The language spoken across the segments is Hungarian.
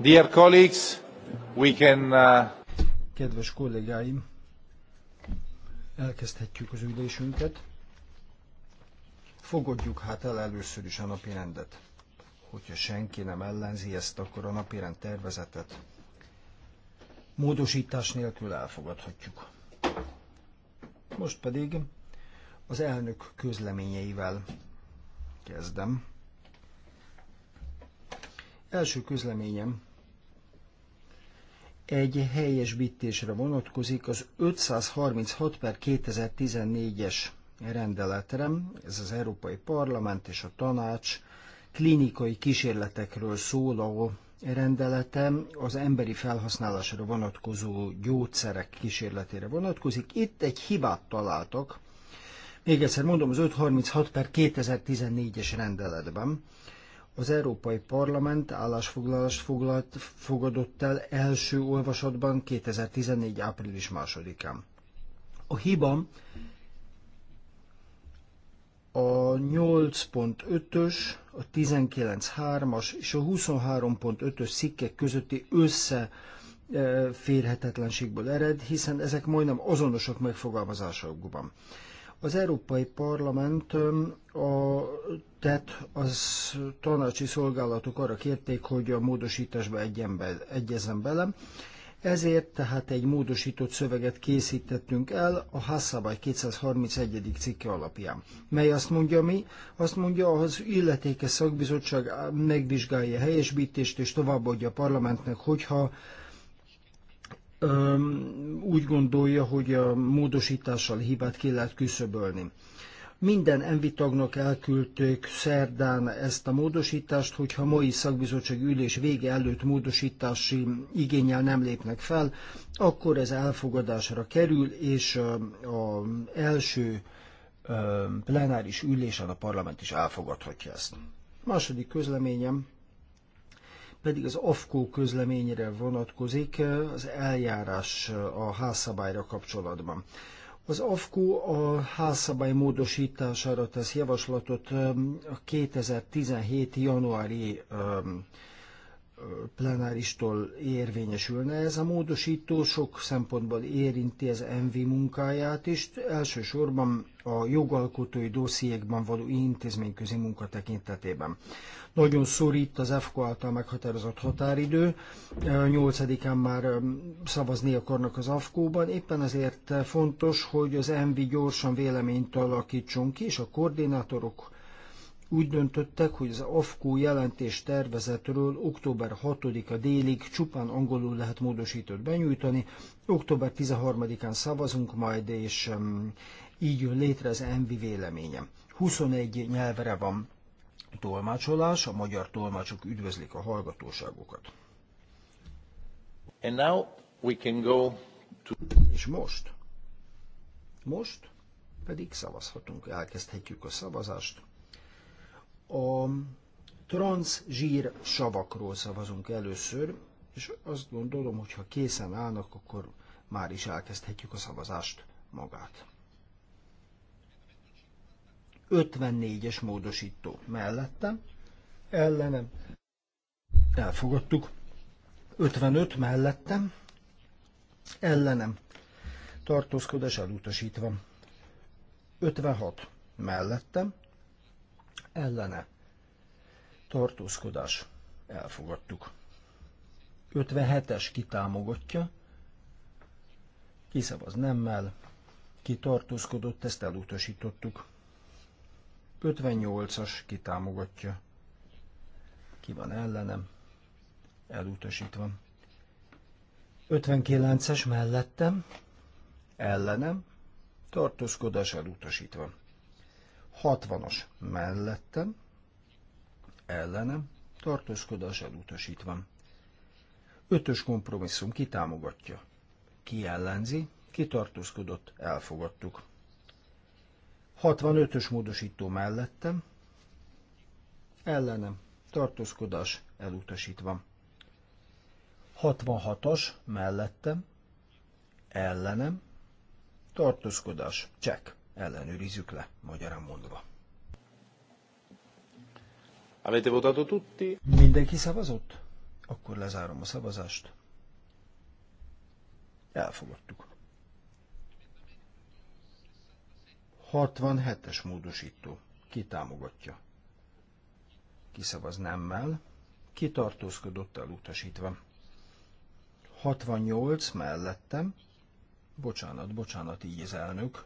Dear colleagues, we can... Uh, Kedves kollégáim, elkezdhetjük az ülésünket. Fogadjuk hát el először is a napi rendet. Hogyha senki nem ellenzi ezt, akkor a napi rend tervezetet módosítás nélkül elfogadhatjuk. Most pedig az elnök közleményeivel kezdem. Első közleményem egy helyesbítésre vonatkozik az 536 per 2014-es rendeletre, ez az Európai Parlament és a Tanács klinikai kísérletekről szóló rendelete az emberi felhasználásra vonatkozó gyógyszerek kísérletére vonatkozik. Itt egy hibát találtak, még egyszer mondom, az 536 per 2014-es rendeletben, az Európai Parlament állásfoglalást foglalt, fogadott el első olvasatban 2014. április 2-án. A hiba a 8.5-ös, a 19.3-as és a 23.5-ös szikkek közötti össze e, férhetetlenségből ered, hiszen ezek majdnem azonosak megfogalmazásokban. Az Európai Parlament e, a tett, az tanácsi szolgálatok arra kérték, hogy a módosításba egyenbe, egyezem bele. Ezért tehát egy módosított szöveget készítettünk el a Hasszabály 231. cikke alapján. Mely azt mondja mi? Azt mondja, az illetékes szakbizottság megvizsgálja a helyesbítést és továbbadja a parlamentnek, hogyha öm, úgy gondolja, hogy a módosítással hibát ki lehet küszöbölni. Minden envi tagnak elküldték szerdán ezt a módosítást, hogyha mai szakbizottság ülés vége előtt módosítási igényel nem lépnek fel, akkor ez elfogadásra kerül, és az első plenáris ülésen a parlament is elfogadhatja ezt. Második közleményem pedig az AFKO közleményre vonatkozik az eljárás a házszabályra kapcsolatban. Az Afku a házszabály módosítására tesz javaslatot um, a 2017. januári um, plenáristól érvényesülne. Ez a módosító sok szempontból érinti az MV munkáját is, elsősorban a jogalkotói dossziékban való intézményközi munka tekintetében. Nagyon szorít az EFKO által meghatározott határidő, 8-án már um, szavazni akarnak az AFKO-ban, éppen ezért fontos, hogy az MV gyorsan véleményt alakítson ki, és a koordinátorok úgy döntöttek, hogy az AFKO jelentés tervezetről október 6-a délig csupán angolul lehet módosítót benyújtani, október 13-án szavazunk majd, és így jön létre az ENVI véleménye. 21 nyelvre van tolmácsolás, a magyar tolmácsok üdvözlik a hallgatóságokat. And now we can go to... És most? Most pedig szavazhatunk, elkezdhetjük a szavazást. A transzsír savakról szavazunk először, és azt gondolom, hogy ha készen állnak, akkor már is elkezdhetjük a szavazást magát. 54-es módosító mellettem, ellenem elfogadtuk, 55 mellettem, ellenem tartózkodás elutasítva, 56 mellettem, ellene tartózkodás elfogadtuk. 57-es kitámogatja, kiszavaz nemmel, ki tartózkodott, ezt elutasítottuk. 58-as kitámogatja, ki van ellenem, elutasítva. 59-es mellettem, ellenem, tartózkodás elutasítva. 60-as mellettem, ellenem, tartózkodás elutasítva. Ötös kompromisszum kitámogatja. Ki ellenzi, ki tartózkodott, elfogadtuk. 65-ös módosító mellettem, ellenem, tartózkodás elutasítva. 66-as mellettem, ellenem, tartózkodás, csekk ellenőrizzük le, magyarán mondva. Avete votato tutti? Mindenki szavazott? Akkor lezárom a szavazást. Elfogadtuk. 67-es módosító. Ki támogatja? Kiszavaz nemmel. Ki tartózkodott elutasítva? 68 mellettem. Bocsánat, bocsánat, így az elnök.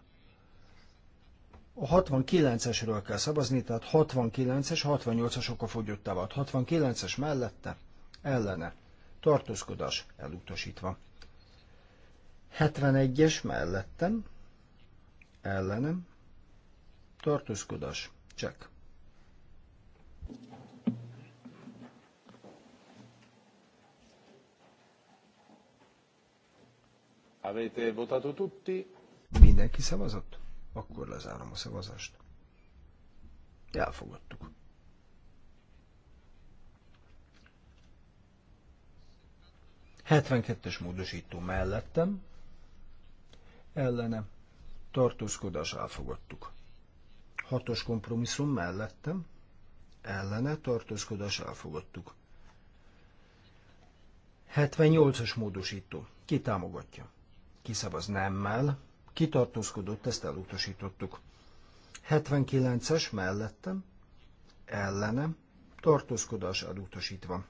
A 69-esről kell szavazni, tehát 69-es, 68-as fogyott tavat. 69-es mellette, ellene. Tartózkodás elutasítva. 71-es mellettem, ellenem, tartózkodás, csek. Avete votato tutti? Mindenki szavazott? Akkor lezárom a szavazást. Elfogadtuk. es módosító mellettem, ellene, tartózkodás elfogadtuk. 6-os kompromisszum mellettem, ellene, tartózkodás elfogadtuk. 78-as módosító. Ki támogatja? Ki szavaz nemmel, kitartózkodott, ezt elutasítottuk. 79-es mellettem, ellenem, tartózkodás elutasítva.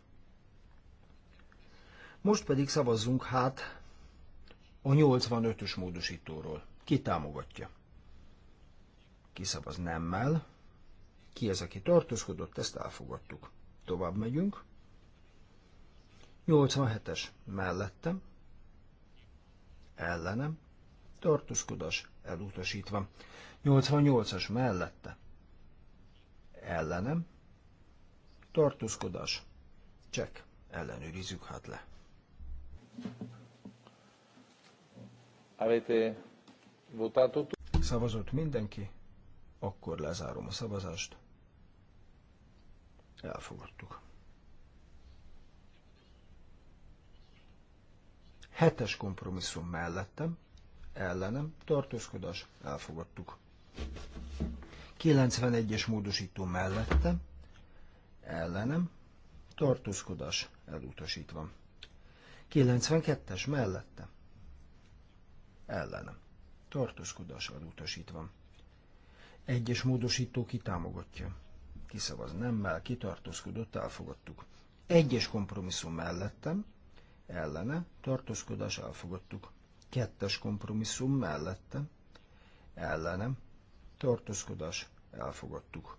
Most pedig szavazzunk hát a 85-ös módosítóról. Ki támogatja? Ki szavaz nemmel? Ki az, aki tartózkodott? Ezt elfogadtuk. Tovább megyünk. 87-es mellettem, ellenem, tartózkodás elutasítva. 88-as mellette ellenem tartózkodás Csek. Ellenőrizzük hát le. Avete votato Szavazott mindenki? Akkor lezárom a szavazást. Elfogadtuk. Hetes kompromisszum mellettem, ellenem tartózkodás elfogadtuk. 91-es módosító mellette, ellenem tartózkodás elutasítva. 92-es mellette, ellenem tartózkodás elutasítva. Egyes módosító kitámogatja. Kiszavaz nemmel, kitartózkodott, elfogadtuk. Egyes kompromisszum mellettem, ellene, tartózkodás elfogadtuk. Kettes kompromisszum mellette, ellenem, tartózkodás, elfogadtuk.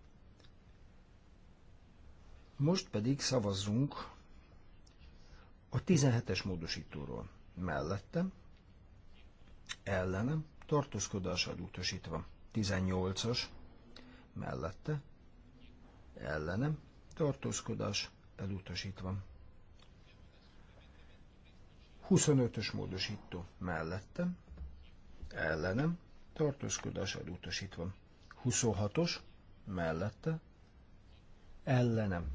Most pedig szavazzunk a 17-es módosítóról. Mellettem, ellenem, tartózkodásad utasítva. 18-as, mellette, ellenem, tartózkodás elutasítva. 25-ös módosító mellettem, ellenem, tartózkodás elutasítva. 26-os mellette, ellenem,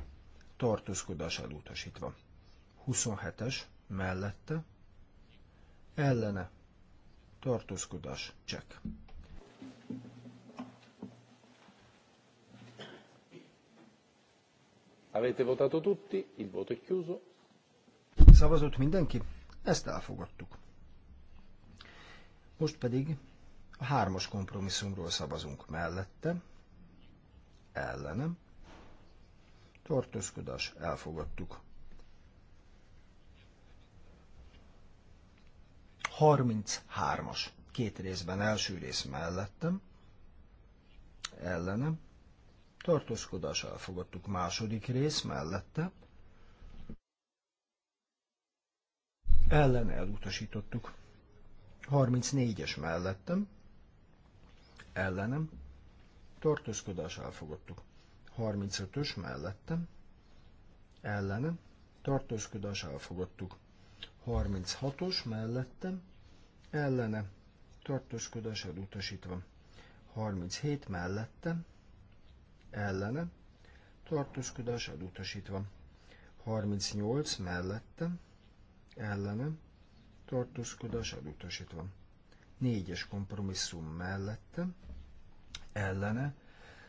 tartózkodás elutasítva. 27-es mellette, ellene, tartózkodás csekk. Avete votato tutti, il voto è chiuso. Szavazott mindenki? Ezt elfogadtuk. Most pedig a hármas kompromisszumról szavazunk mellette, ellenem, tartózkodás, elfogadtuk. 33-as, két részben első rész mellettem, ellenem, tartózkodás, elfogadtuk második rész mellette, ellen elutasítottuk. 34-es mellettem, ellenem, tartózkodás elfogadtuk. 35-ös mellettem, ellenem, tartózkodás elfogadtuk. 36-os mellettem, ellene, tartózkodás elutasítva. 37 mellettem, ellene, tartózkodás elutasítva. 38 mellettem, ellenem tartózkodás elutasítva. Négyes kompromisszum mellette ellene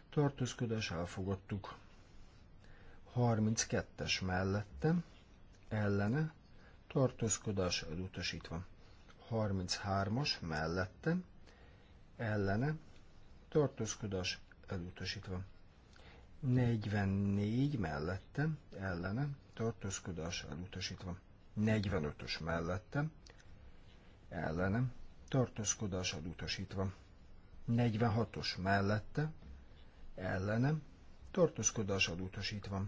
tartózkodás elfogadtuk. 32-es mellette ellene tartózkodás elutasítva. 33-as mellette ellene tartózkodás elutasítva. 44 mellette ellene tartózkodás elutasítva. 45-ös mellette, ellenem, tartózkodás utasítva. 46-os mellette, ellenem, tartózkodás utasítva.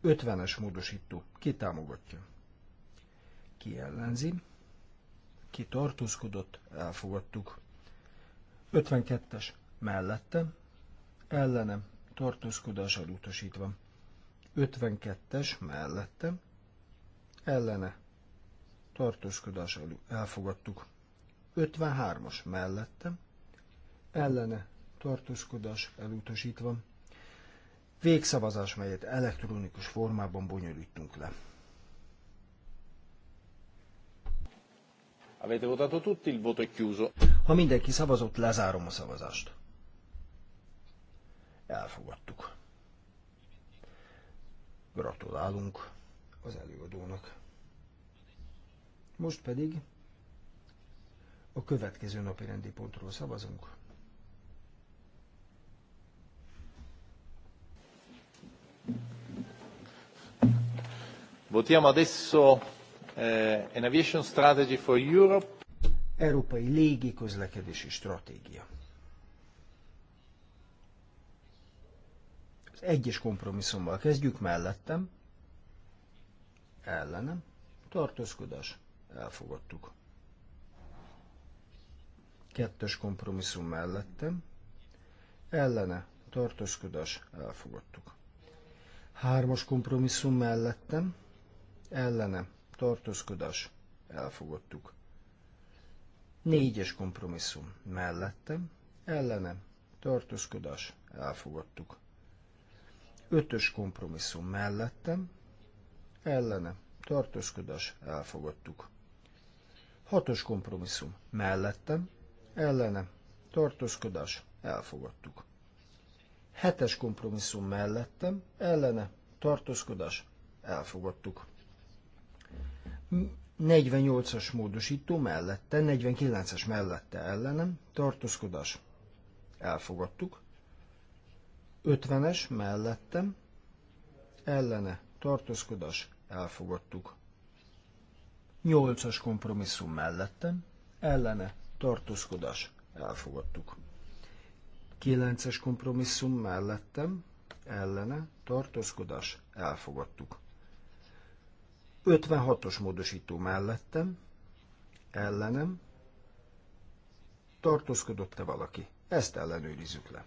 Ötvenes módosító. Ki támogatja? Ki ellenzi? Ki tartózkodott? Elfogadtuk. 52-es. Mellette. Ellenem tartózkodással utasítva. 52-es mellette, ellene, tartózkodással elfogadtuk. 53-as mellette, ellene, tartózkodás elutasítva. Végszavazás, melyet elektronikus formában bonyolítunk le. Avete votato tutti, il voto è chiuso. Ha mindenki szavazott, lezárom a szavazást. Elfogadtuk. Gratulálunk az előadónak. Most pedig a következő napi rendi pontról szavazunk. Votiamo adesso eh, an aviation strategy for Europe. Európai légi közlekedési stratégia. Egyes kompromisszummal kezdjük, mellettem, ellenem, tartózkodás, elfogadtuk. Kettes kompromisszum mellettem, ellene, tartózkodás, elfogadtuk. Hármas kompromisszum mellettem, ellene, tartózkodás, elfogadtuk. Négyes kompromisszum mellettem, ellenem, tartózkodás, elfogadtuk. Ötös kompromisszum mellettem, ellene, tartózkodás, elfogadtuk. Hatos kompromisszum mellettem, ellene, tartózkodás, elfogadtuk. Hetes kompromisszum mellettem, ellene, tartózkodás, elfogadtuk. 48-as módosító mellette, 49-es mellette ellenem, tartózkodás, elfogadtuk. 50-es mellettem, ellene tartózkodás elfogadtuk. 8-as kompromisszum mellettem, ellene tartózkodás elfogadtuk. 9-es kompromisszum mellettem, ellene tartózkodás elfogadtuk. 56-os módosító mellettem, ellenem, tartózkodott-e valaki? Ezt ellenőrizzük le.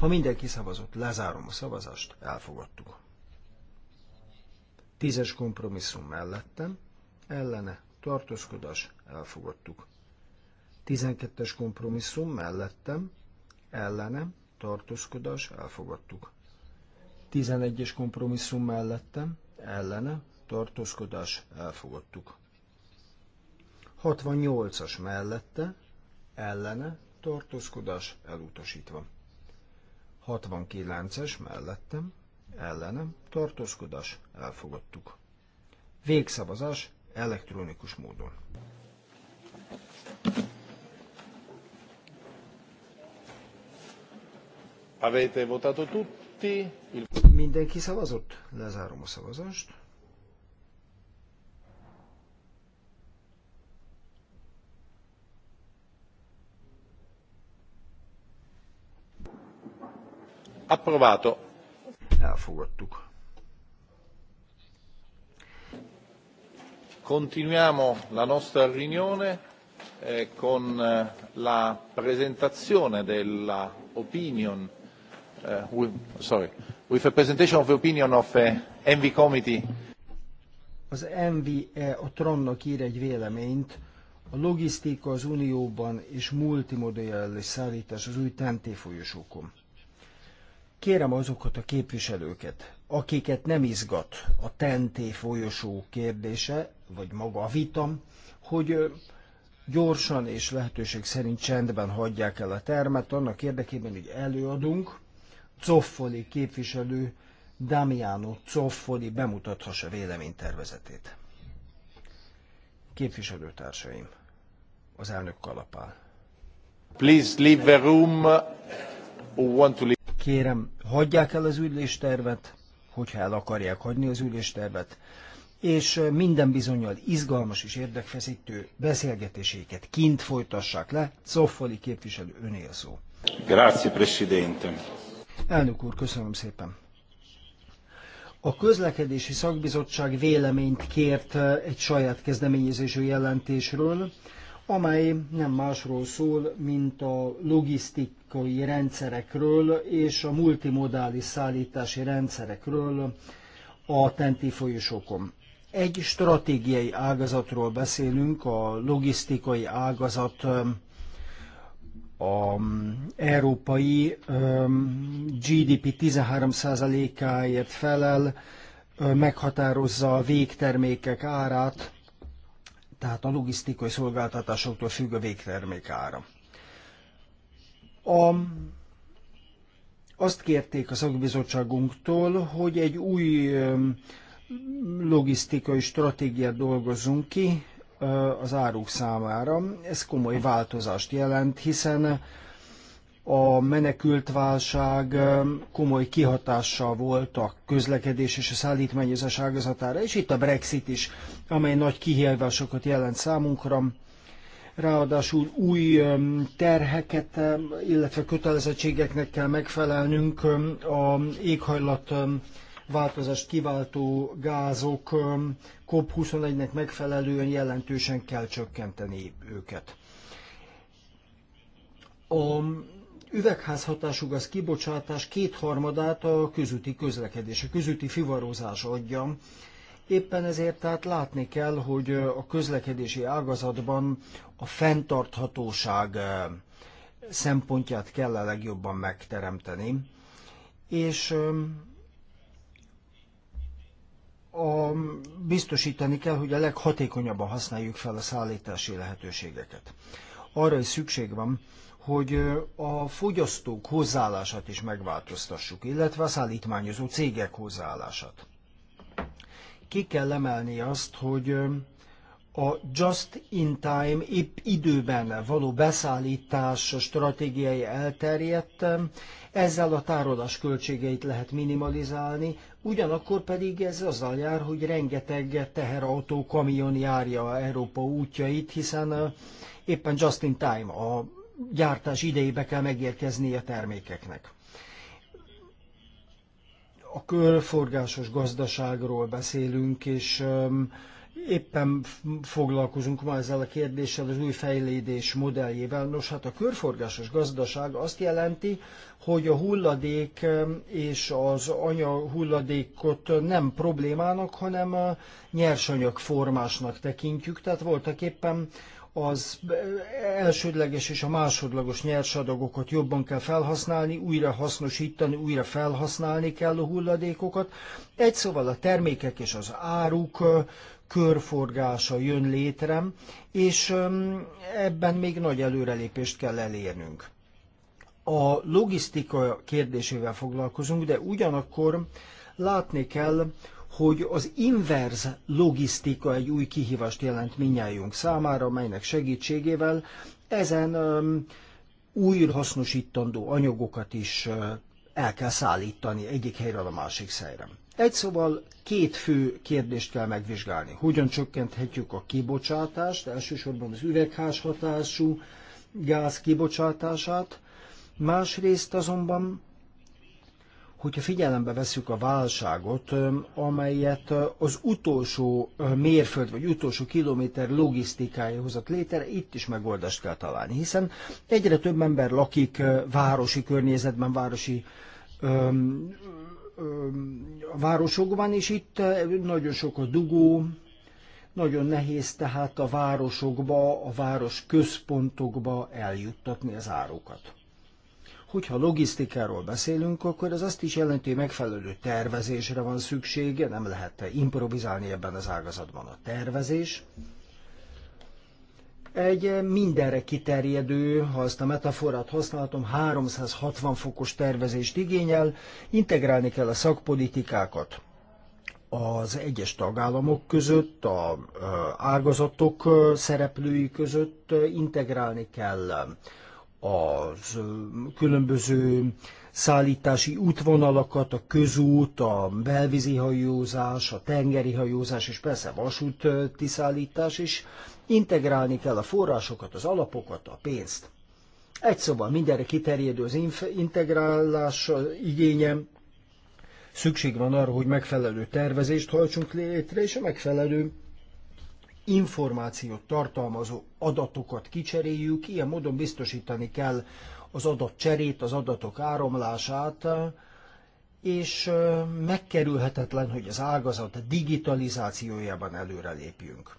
Ha mindenki szavazott, lezárom a szavazást, elfogadtuk. Tízes kompromisszum mellettem, ellene, tartózkodás, elfogadtuk. Tizenkettes kompromisszum mellettem, ellenem, tartózkodás, elfogadtuk. Tizenegyes kompromisszum mellettem, ellene, tartózkodás, elfogadtuk. 68-as mellette, ellene, tartózkodás elutasítva. 69-es mellettem, ellenem, tartózkodás elfogadtuk. Végszavazás elektronikus módon. Avete votato tutti? Mindenki szavazott? Lezárom a szavazást. Approvato. Elfogadtuk. Continuiamo la nostra riunione eh, con eh, la presentazione della opinion eh, sorry, with a presentation of the opinion of uh, MV Committee. Az MV a Tronnak ír egy véleményt, a logisztika az Unióban és multimodális szállítás az új TNT folyosókon. Kérem azokat a képviselőket, akiket nem izgat a tenté folyosó kérdése, vagy maga a vitam, hogy gyorsan és lehetőség szerint csendben hagyják el a termet, annak érdekében, hogy előadunk, Coffoli képviselő Damiano Coffoli bemutathassa véleménytervezetét. Képviselőtársaim, az elnök kalapál. Please leave the room who want to leave. Kérem, hagyják el az üléstervet, hogyha el akarják hagyni az üléstervet, és minden bizonyal izgalmas és érdekfeszítő beszélgetéséket kint folytassák le. Zoffali képviselő önél szó. Grazie, Presidente. Elnök úr, köszönöm szépen. A közlekedési szakbizottság véleményt kért egy saját kezdeményezésű jelentésről, amely nem másról szól, mint a logisztikai rendszerekről és a multimodális szállítási rendszerekről a tenti folyosókon. Egy stratégiai ágazatról beszélünk, a logisztikai ágazat um, a um, európai um, GDP 13%-áért felel, uh, meghatározza a végtermékek árát, tehát a logisztikai szolgáltatásoktól függ a végtermék ára. A, azt kérték a szakbizottságunktól, hogy egy új logisztikai stratégiát dolgozzunk ki az áruk számára. Ez komoly változást jelent, hiszen a menekültválság komoly kihatással volt a közlekedés és a szállítmányozás ágazatára, és itt a Brexit is, amely nagy kihívásokat jelent számunkra. Ráadásul új terheket, illetve kötelezettségeknek kell megfelelnünk a éghajlat változást kiváltó gázok COP21-nek megfelelően jelentősen kell csökkenteni őket. A üvegházhatású gaz kibocsátás kétharmadát a közúti közlekedés, a közúti fivarozás adja. Éppen ezért tehát látni kell, hogy a közlekedési ágazatban a fenntarthatóság eh, szempontját kell a legjobban megteremteni. És eh, a, biztosítani kell, hogy a leghatékonyabban használjuk fel a szállítási lehetőségeket. Arra is szükség van, hogy a fogyasztók hozzáállását is megváltoztassuk, illetve a szállítmányozó cégek hozzáállását. Ki kell emelni azt, hogy a just in time, épp időben való beszállítás stratégiai elterjedt, ezzel a tárolás költségeit lehet minimalizálni, ugyanakkor pedig ez azzal jár, hogy rengeteg teherautó, kamion járja Európa útjait, hiszen éppen just in time a gyártás idejébe kell megérkezni a termékeknek. A körforgásos gazdaságról beszélünk, és éppen foglalkozunk ma ezzel a kérdéssel, az új fejlődés modelljével. Nos, hát a körforgásos gazdaság azt jelenti, hogy a hulladék és az anya hulladékot nem problémának, hanem nyersanyag formásnak tekintjük. Tehát voltak éppen az elsődleges és a másodlagos nyersadagokat jobban kell felhasználni, újra hasznosítani, újra felhasználni kell a hulladékokat. Egy szóval a termékek és az áruk körforgása jön létre, és ebben még nagy előrelépést kell elérnünk. A logisztika kérdésével foglalkozunk, de ugyanakkor látni kell, hogy az inverz logisztika egy új kihívást jelent minnyájunk számára, melynek segítségével ezen um, újrahasznosítandó anyagokat is el kell szállítani egyik helyről a másik helyre. Egy szóval két fő kérdést kell megvizsgálni. Hogyan csökkenthetjük a kibocsátást, elsősorban az üvegházhatású gáz kibocsátását, másrészt azonban hogyha figyelembe veszük a válságot, amelyet az utolsó mérföld vagy utolsó kilométer logisztikája hozott létre, itt is megoldást kell találni, hiszen egyre több ember lakik városi környezetben, városi öm, öm, városokban, és itt nagyon sok a dugó, nagyon nehéz tehát a városokba, a város központokba eljuttatni az árukat. Hogyha logisztikáról beszélünk, akkor ez azt is jelenti, hogy megfelelő tervezésre van szüksége, nem lehet improvizálni ebben az ágazatban a tervezés. Egy mindenre kiterjedő, ha azt a metaforát használhatom, 360 fokos tervezést igényel, integrálni kell a szakpolitikákat, az egyes tagállamok között, a ágazatok szereplői között integrálni kell az különböző szállítási útvonalakat, a közút, a belvízi hajózás, a tengeri hajózás és persze vasúti szállítás is. Integrálni kell a forrásokat, az alapokat, a pénzt. Egy szóval mindenre kiterjedő az integrálás igénye, szükség van arra, hogy megfelelő tervezést hajtsunk létre, és a megfelelő információt tartalmazó adatokat kicseréljük, ilyen módon biztosítani kell az adatcserét, az adatok áramlását, és megkerülhetetlen, hogy az ágazat digitalizációjában előrelépjünk.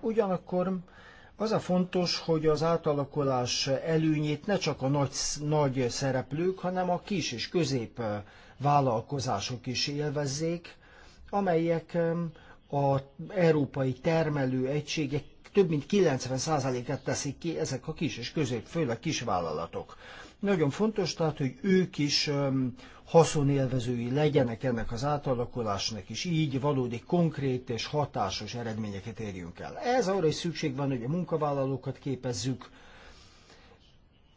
Ugyanakkor az a fontos, hogy az átalakulás előnyét ne csak a nagy, nagy szereplők, hanem a kis és közép vállalkozások is élvezzék, amelyek a európai termelő egységek több mint 90%-át teszik ki ezek a kis és közép, főleg kis vállalatok. Nagyon fontos tehát, hogy ők is um, haszonélvezői legyenek ennek az átalakulásnak, és így valódi konkrét és hatásos eredményeket érjünk el. Ez arra is szükség van, hogy a munkavállalókat képezzük,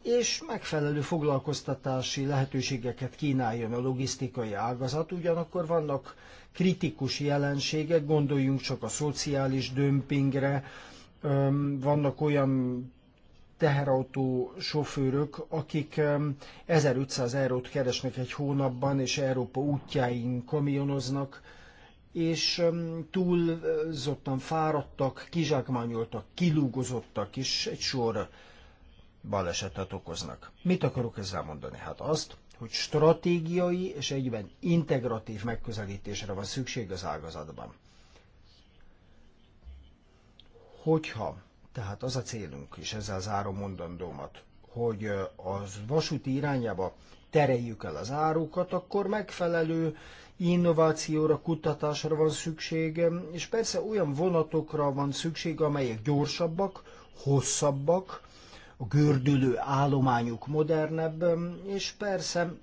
és megfelelő foglalkoztatási lehetőségeket kínáljon a logisztikai ágazat. Ugyanakkor vannak kritikus jelenségek, gondoljunk csak a szociális dömpingre, vannak olyan teherautó sofőrök, akik 1500 eurót keresnek egy hónapban, és Európa útjáin kamionoznak, és túlzottan fáradtak, kizsákmányoltak, kilúgozottak, és egy sor balesetet okoznak. Mit akarok ezzel mondani? Hát azt, hogy stratégiai és egyben integratív megközelítésre van szükség az ágazatban. Hogyha, tehát az a célunk, és ezzel zárom mondandómat, hogy az vasúti irányába tereljük el az árukat, akkor megfelelő innovációra, kutatásra van szükség, és persze olyan vonatokra van szükség, amelyek gyorsabbak, hosszabbak, a gördülő állományuk modernebb, és persze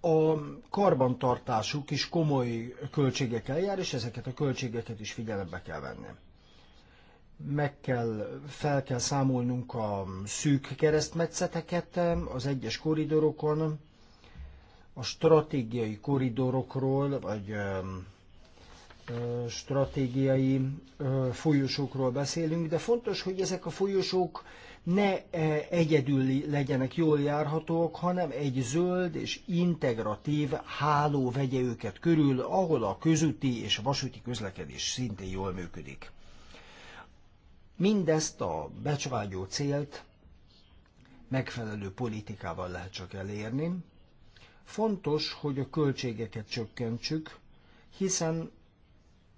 a karbantartásuk is komoly költségekkel jár, és ezeket a költségeket is figyelembe kell venni. Meg kell, fel kell számolnunk a szűk keresztmetszeteket az egyes koridorokon, a stratégiai koridorokról, vagy stratégiai folyosókról beszélünk, de fontos, hogy ezek a folyosók ne egyedül legyenek jól járhatók, hanem egy zöld és integratív háló vegye őket körül, ahol a közúti és vasúti közlekedés szintén jól működik. Mindezt a becsvágyó célt megfelelő politikával lehet csak elérni. Fontos, hogy a költségeket csökkentsük, hiszen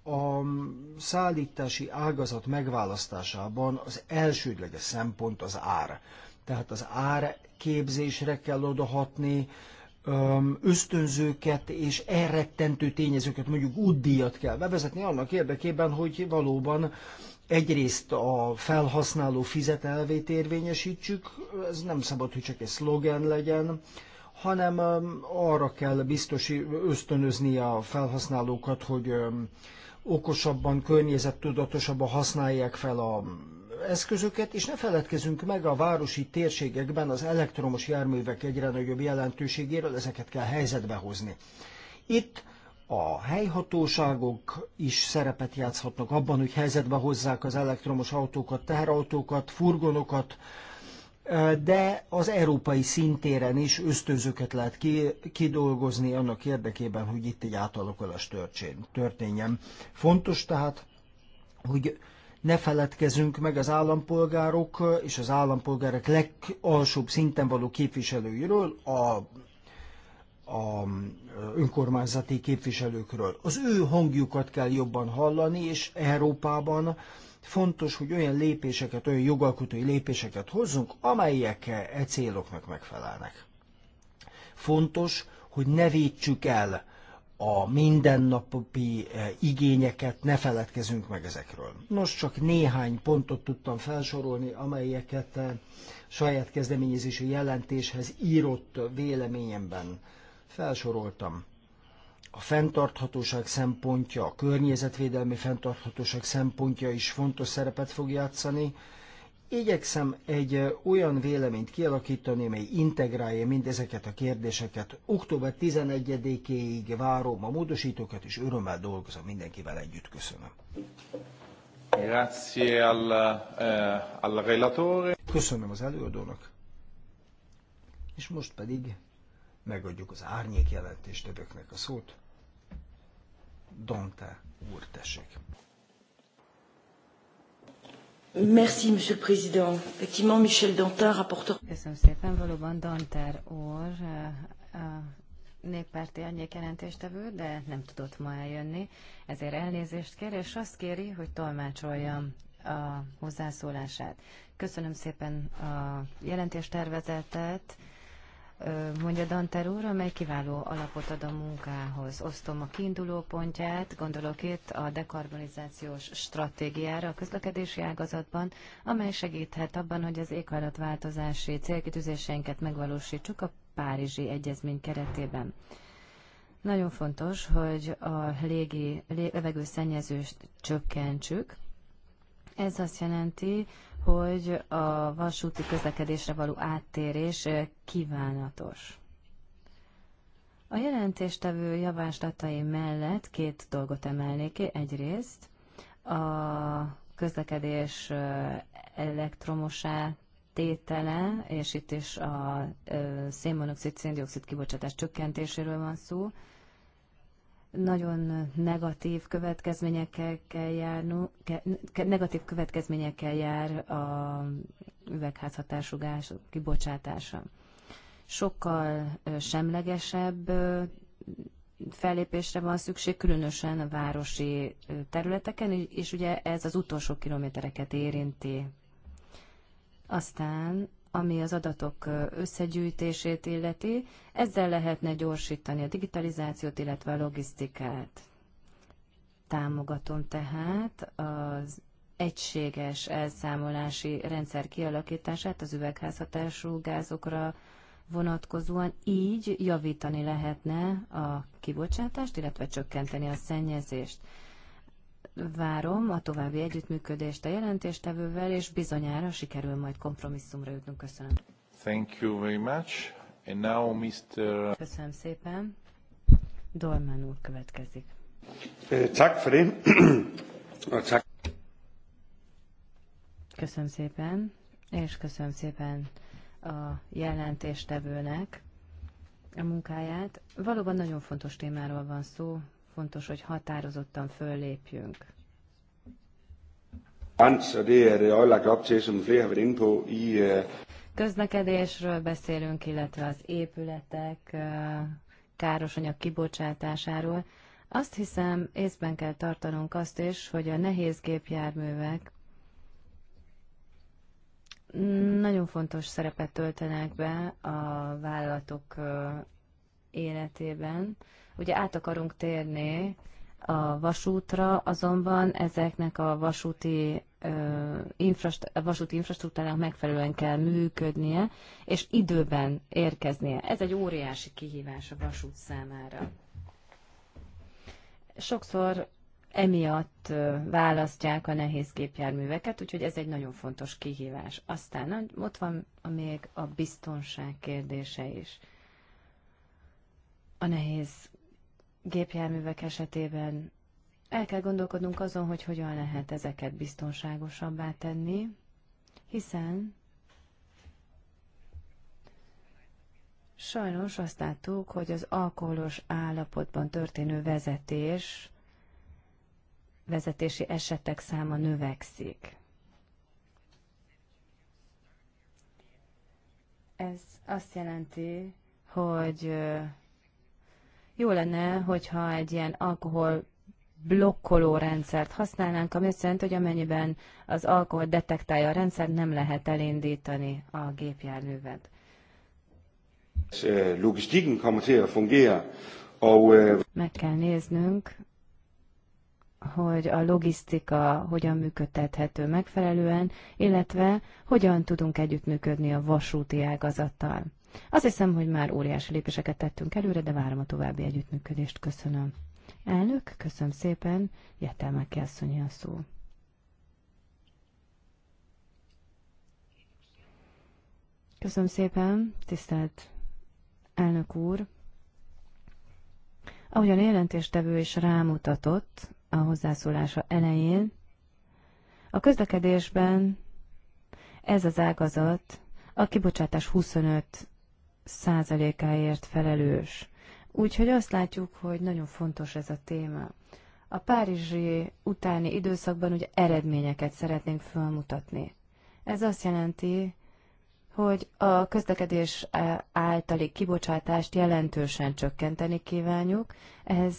a szállítási ágazat megválasztásában az elsődleges szempont az ár. Tehát az ár képzésre kell odahatni, ösztönzőket és elrettentő tényezőket, mondjuk útdíjat kell bevezetni annak érdekében, hogy valóban egyrészt a felhasználó fizetelvét érvényesítsük, ez nem szabad, hogy csak egy szlogen legyen, hanem arra kell biztos ösztönözni a felhasználókat, hogy okosabban, környezettudatosabban használják fel a eszközöket, és ne feledkezünk meg a városi térségekben az elektromos járművek egyre nagyobb jelentőségéről, ezeket kell helyzetbe hozni. Itt a helyhatóságok is szerepet játszhatnak abban, hogy helyzetbe hozzák az elektromos autókat, teherautókat, furgonokat, de az európai szintéren is ösztönzőket lehet kidolgozni annak érdekében, hogy itt egy átalakulás történjen. Fontos tehát, hogy ne feledkezünk meg az állampolgárok és az állampolgárok legalsóbb szinten való képviselőiről, a, a önkormányzati képviselőkről. Az ő hangjukat kell jobban hallani, és Európában Fontos, hogy olyan lépéseket, olyan jogalkotói lépéseket hozzunk, amelyek e céloknak megfelelnek. Fontos, hogy ne védsük el a mindennapi e, igényeket, ne feledkezünk meg ezekről. Nos, csak néhány pontot tudtam felsorolni, amelyeket e, saját kezdeményezési jelentéshez írott véleményemben felsoroltam a fenntarthatóság szempontja, a környezetvédelmi fenntarthatóság szempontja is fontos szerepet fog játszani. Igyekszem egy olyan véleményt kialakítani, mely integrálja mindezeket a kérdéseket. Október 11-éig várom a módosítókat, és örömmel dolgozom mindenkivel együtt. Köszönöm. Grazie al, eh, al relatore. Köszönöm az előadónak. És most pedig megadjuk az árnyék jelentéstevőknek a szót. Dante úr, tessék. Merci, Monsieur le Président. Effectivement, Michel Dantin, rapporteur. Köszönöm szépen, valóban Danter úr, a néppárti árnyék jelentéstevő, de nem tudott ma eljönni, ezért elnézést kér, és azt kéri, hogy tolmácsoljam a hozzászólását. Köszönöm szépen a jelentéstervezetet, mondja Danter úr, amely kiváló alapot ad a munkához. Osztom a kiinduló pontját, gondolok itt a dekarbonizációs stratégiára a közlekedési ágazatban, amely segíthet abban, hogy az éghajlatváltozási célkitűzéseinket megvalósítsuk a Párizsi Egyezmény keretében. Nagyon fontos, hogy a légi levegőszennyezést csökkentsük. Ez azt jelenti, hogy a vasúti közlekedésre való áttérés kívánatos. A jelentéstevő javaslatai mellett két dolgot emelnék ki. Egyrészt a közlekedés elektromosá tétele, és itt is a szénmonoxid, széndiokszid kibocsátás csökkentéséről van szó, nagyon negatív következményekkel kell járnu, ke, negatív következményekkel jár a üvegházhatású gáz kibocsátása. Sokkal semlegesebb fellépésre van szükség, különösen a városi területeken, és ugye ez az utolsó kilométereket érinti. Aztán ami az adatok összegyűjtését illeti, ezzel lehetne gyorsítani a digitalizációt, illetve a logisztikát. Támogatom tehát az egységes elszámolási rendszer kialakítását az üvegházhatású gázokra vonatkozóan, így javítani lehetne a kibocsátást, illetve csökkenteni a szennyezést várom a további együttműködést a jelentéstevővel, és bizonyára sikerül majd kompromisszumra jutnunk. Köszönöm. Thank you very much. And now Mr. Köszönöm szépen. Dolman úr következik. Köszönöm szépen, és köszönöm szépen a jelentéstevőnek a munkáját. Valóban nagyon fontos témáról van szó, fontos, hogy határozottan föllépjünk. Er, øh, øh, Közlekedésről beszélünk, illetve az épületek károsanyag kibocsátásáról. Azt hiszem, észben kell tartanunk azt is, hogy a nehéz gépjárművek nagyon fontos szerepet töltenek be a vállalatok életében, Ugye át akarunk térni a vasútra, azonban ezeknek a vasúti, infrast- a vasúti infrastruktúrának megfelelően kell működnie, és időben érkeznie. Ez egy óriási kihívás a vasút számára. Sokszor emiatt választják a nehéz gépjárműveket, úgyhogy ez egy nagyon fontos kihívás. Aztán ott van még a biztonság kérdése is. A nehéz gépjárművek esetében el kell gondolkodnunk azon, hogy hogyan lehet ezeket biztonságosabbá tenni, hiszen sajnos azt láttuk, hogy az alkoholos állapotban történő vezetés, vezetési esetek száma növekszik. Ez azt jelenti, hogy jó lenne, hogyha egy ilyen alkohol blokkoló rendszert használnánk, ami azt jelenti, hogy amennyiben az alkohol detektálja a rendszer, nem lehet elindítani a gépjárművet. Eh, eh, Meg kell néznünk, hogy a logisztika hogyan működtethető megfelelően, illetve hogyan tudunk együttműködni a vasúti ágazattal. Azt hiszem, hogy már óriási lépéseket tettünk előre, de várom a további együttműködést. Köszönöm. Elnök, köszönöm szépen. kell asszonyi a szó. Köszönöm szépen, tisztelt elnök úr. Ahogyan jelentéstevő is rámutatott a hozzászólása elején, a közlekedésben ez az ágazat a kibocsátás 25 százalékáért felelős. Úgyhogy azt látjuk, hogy nagyon fontos ez a téma. A párizsi utáni időszakban ugye eredményeket szeretnénk felmutatni. Ez azt jelenti, hogy a közlekedés általi kibocsátást jelentősen csökkenteni kívánjuk. Ez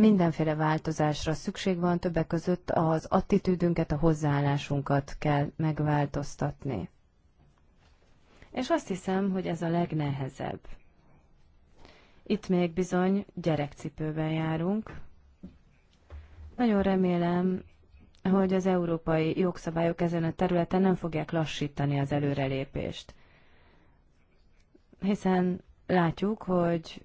mindenféle változásra szükség van, többek között az attitűdünket, a hozzáállásunkat kell megváltoztatni. És azt hiszem, hogy ez a legnehezebb. Itt még bizony gyerekcipőben járunk. Nagyon remélem, hogy az európai jogszabályok ezen a területen nem fogják lassítani az előrelépést. Hiszen látjuk, hogy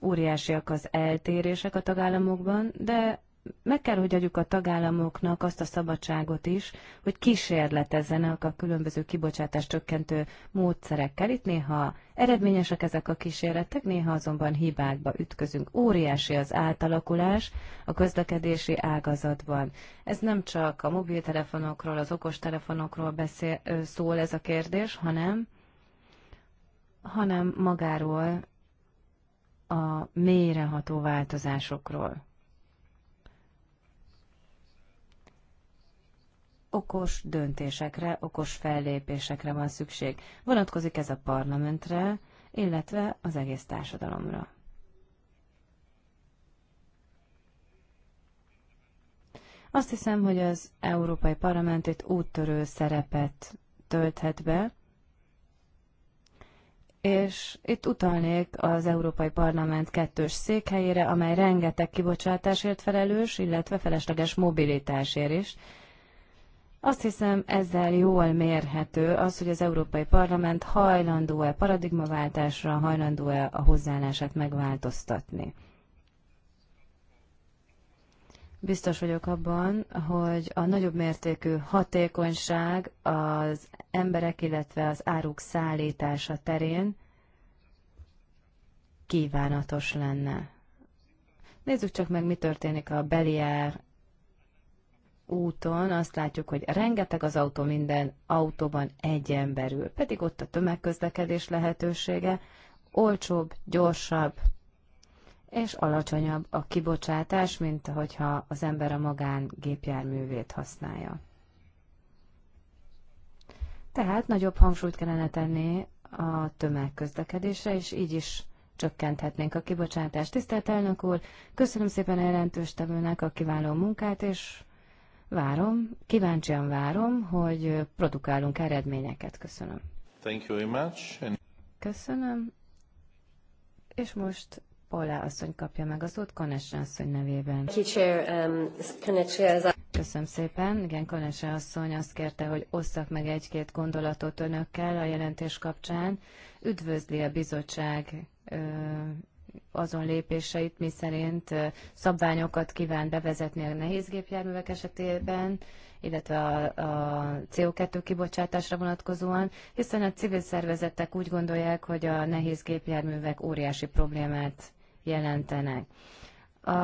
óriásiak az eltérések a tagállamokban, de meg kell, hogy adjuk a tagállamoknak azt a szabadságot is, hogy kísérletezzenek a különböző kibocsátás csökkentő módszerekkel. Itt néha eredményesek ezek a kísérletek, néha azonban hibákba ütközünk. Óriási az átalakulás a közlekedési ágazatban. Ez nem csak a mobiltelefonokról, az okostelefonokról beszél, szól ez a kérdés, hanem, hanem magáról a mélyreható változásokról. okos döntésekre, okos fellépésekre van szükség. Vonatkozik ez a parlamentre, illetve az egész társadalomra. Azt hiszem, hogy az Európai Parlament itt úttörő szerepet tölthet be, és itt utalnék az Európai Parlament kettős székhelyére, amely rengeteg kibocsátásért felelős, illetve felesleges mobilitásért is. Azt hiszem, ezzel jól mérhető az, hogy az Európai Parlament hajlandó-e paradigmaváltásra, hajlandó-e a hozzáállását megváltoztatni. Biztos vagyok abban, hogy a nagyobb mértékű hatékonyság az emberek, illetve az áruk szállítása terén kívánatos lenne. Nézzük csak meg, mi történik a Belier úton azt látjuk, hogy rengeteg az autó, minden autóban egy ember ül, pedig ott a tömegközlekedés lehetősége olcsóbb, gyorsabb és alacsonyabb a kibocsátás, mint hogyha az ember a magán gépjárművét használja. Tehát nagyobb hangsúlyt kellene tenni a tömegközlekedésre, és így is csökkenthetnénk a kibocsátást. Tisztelt elnök úr, köszönöm szépen a jelentős tevőnek a kiváló munkát, és Várom, kíváncsian várom, hogy produkálunk eredményeket. Köszönöm. Thank you very much. And... Köszönöm. És most Paula asszony kapja meg az szót Kanesse asszony nevében. Um, Köszönöm szépen. Igen, Kanesse asszony azt kérte, hogy osszak meg egy-két gondolatot önökkel a jelentés kapcsán. Üdvözli a bizottság azon lépéseit, mi szerint szabványokat kíván bevezetni a nehézgépjárművek esetében, illetve a, a CO2 kibocsátásra vonatkozóan, hiszen a civil szervezetek úgy gondolják, hogy a nehézgépjárművek óriási problémát jelentenek. A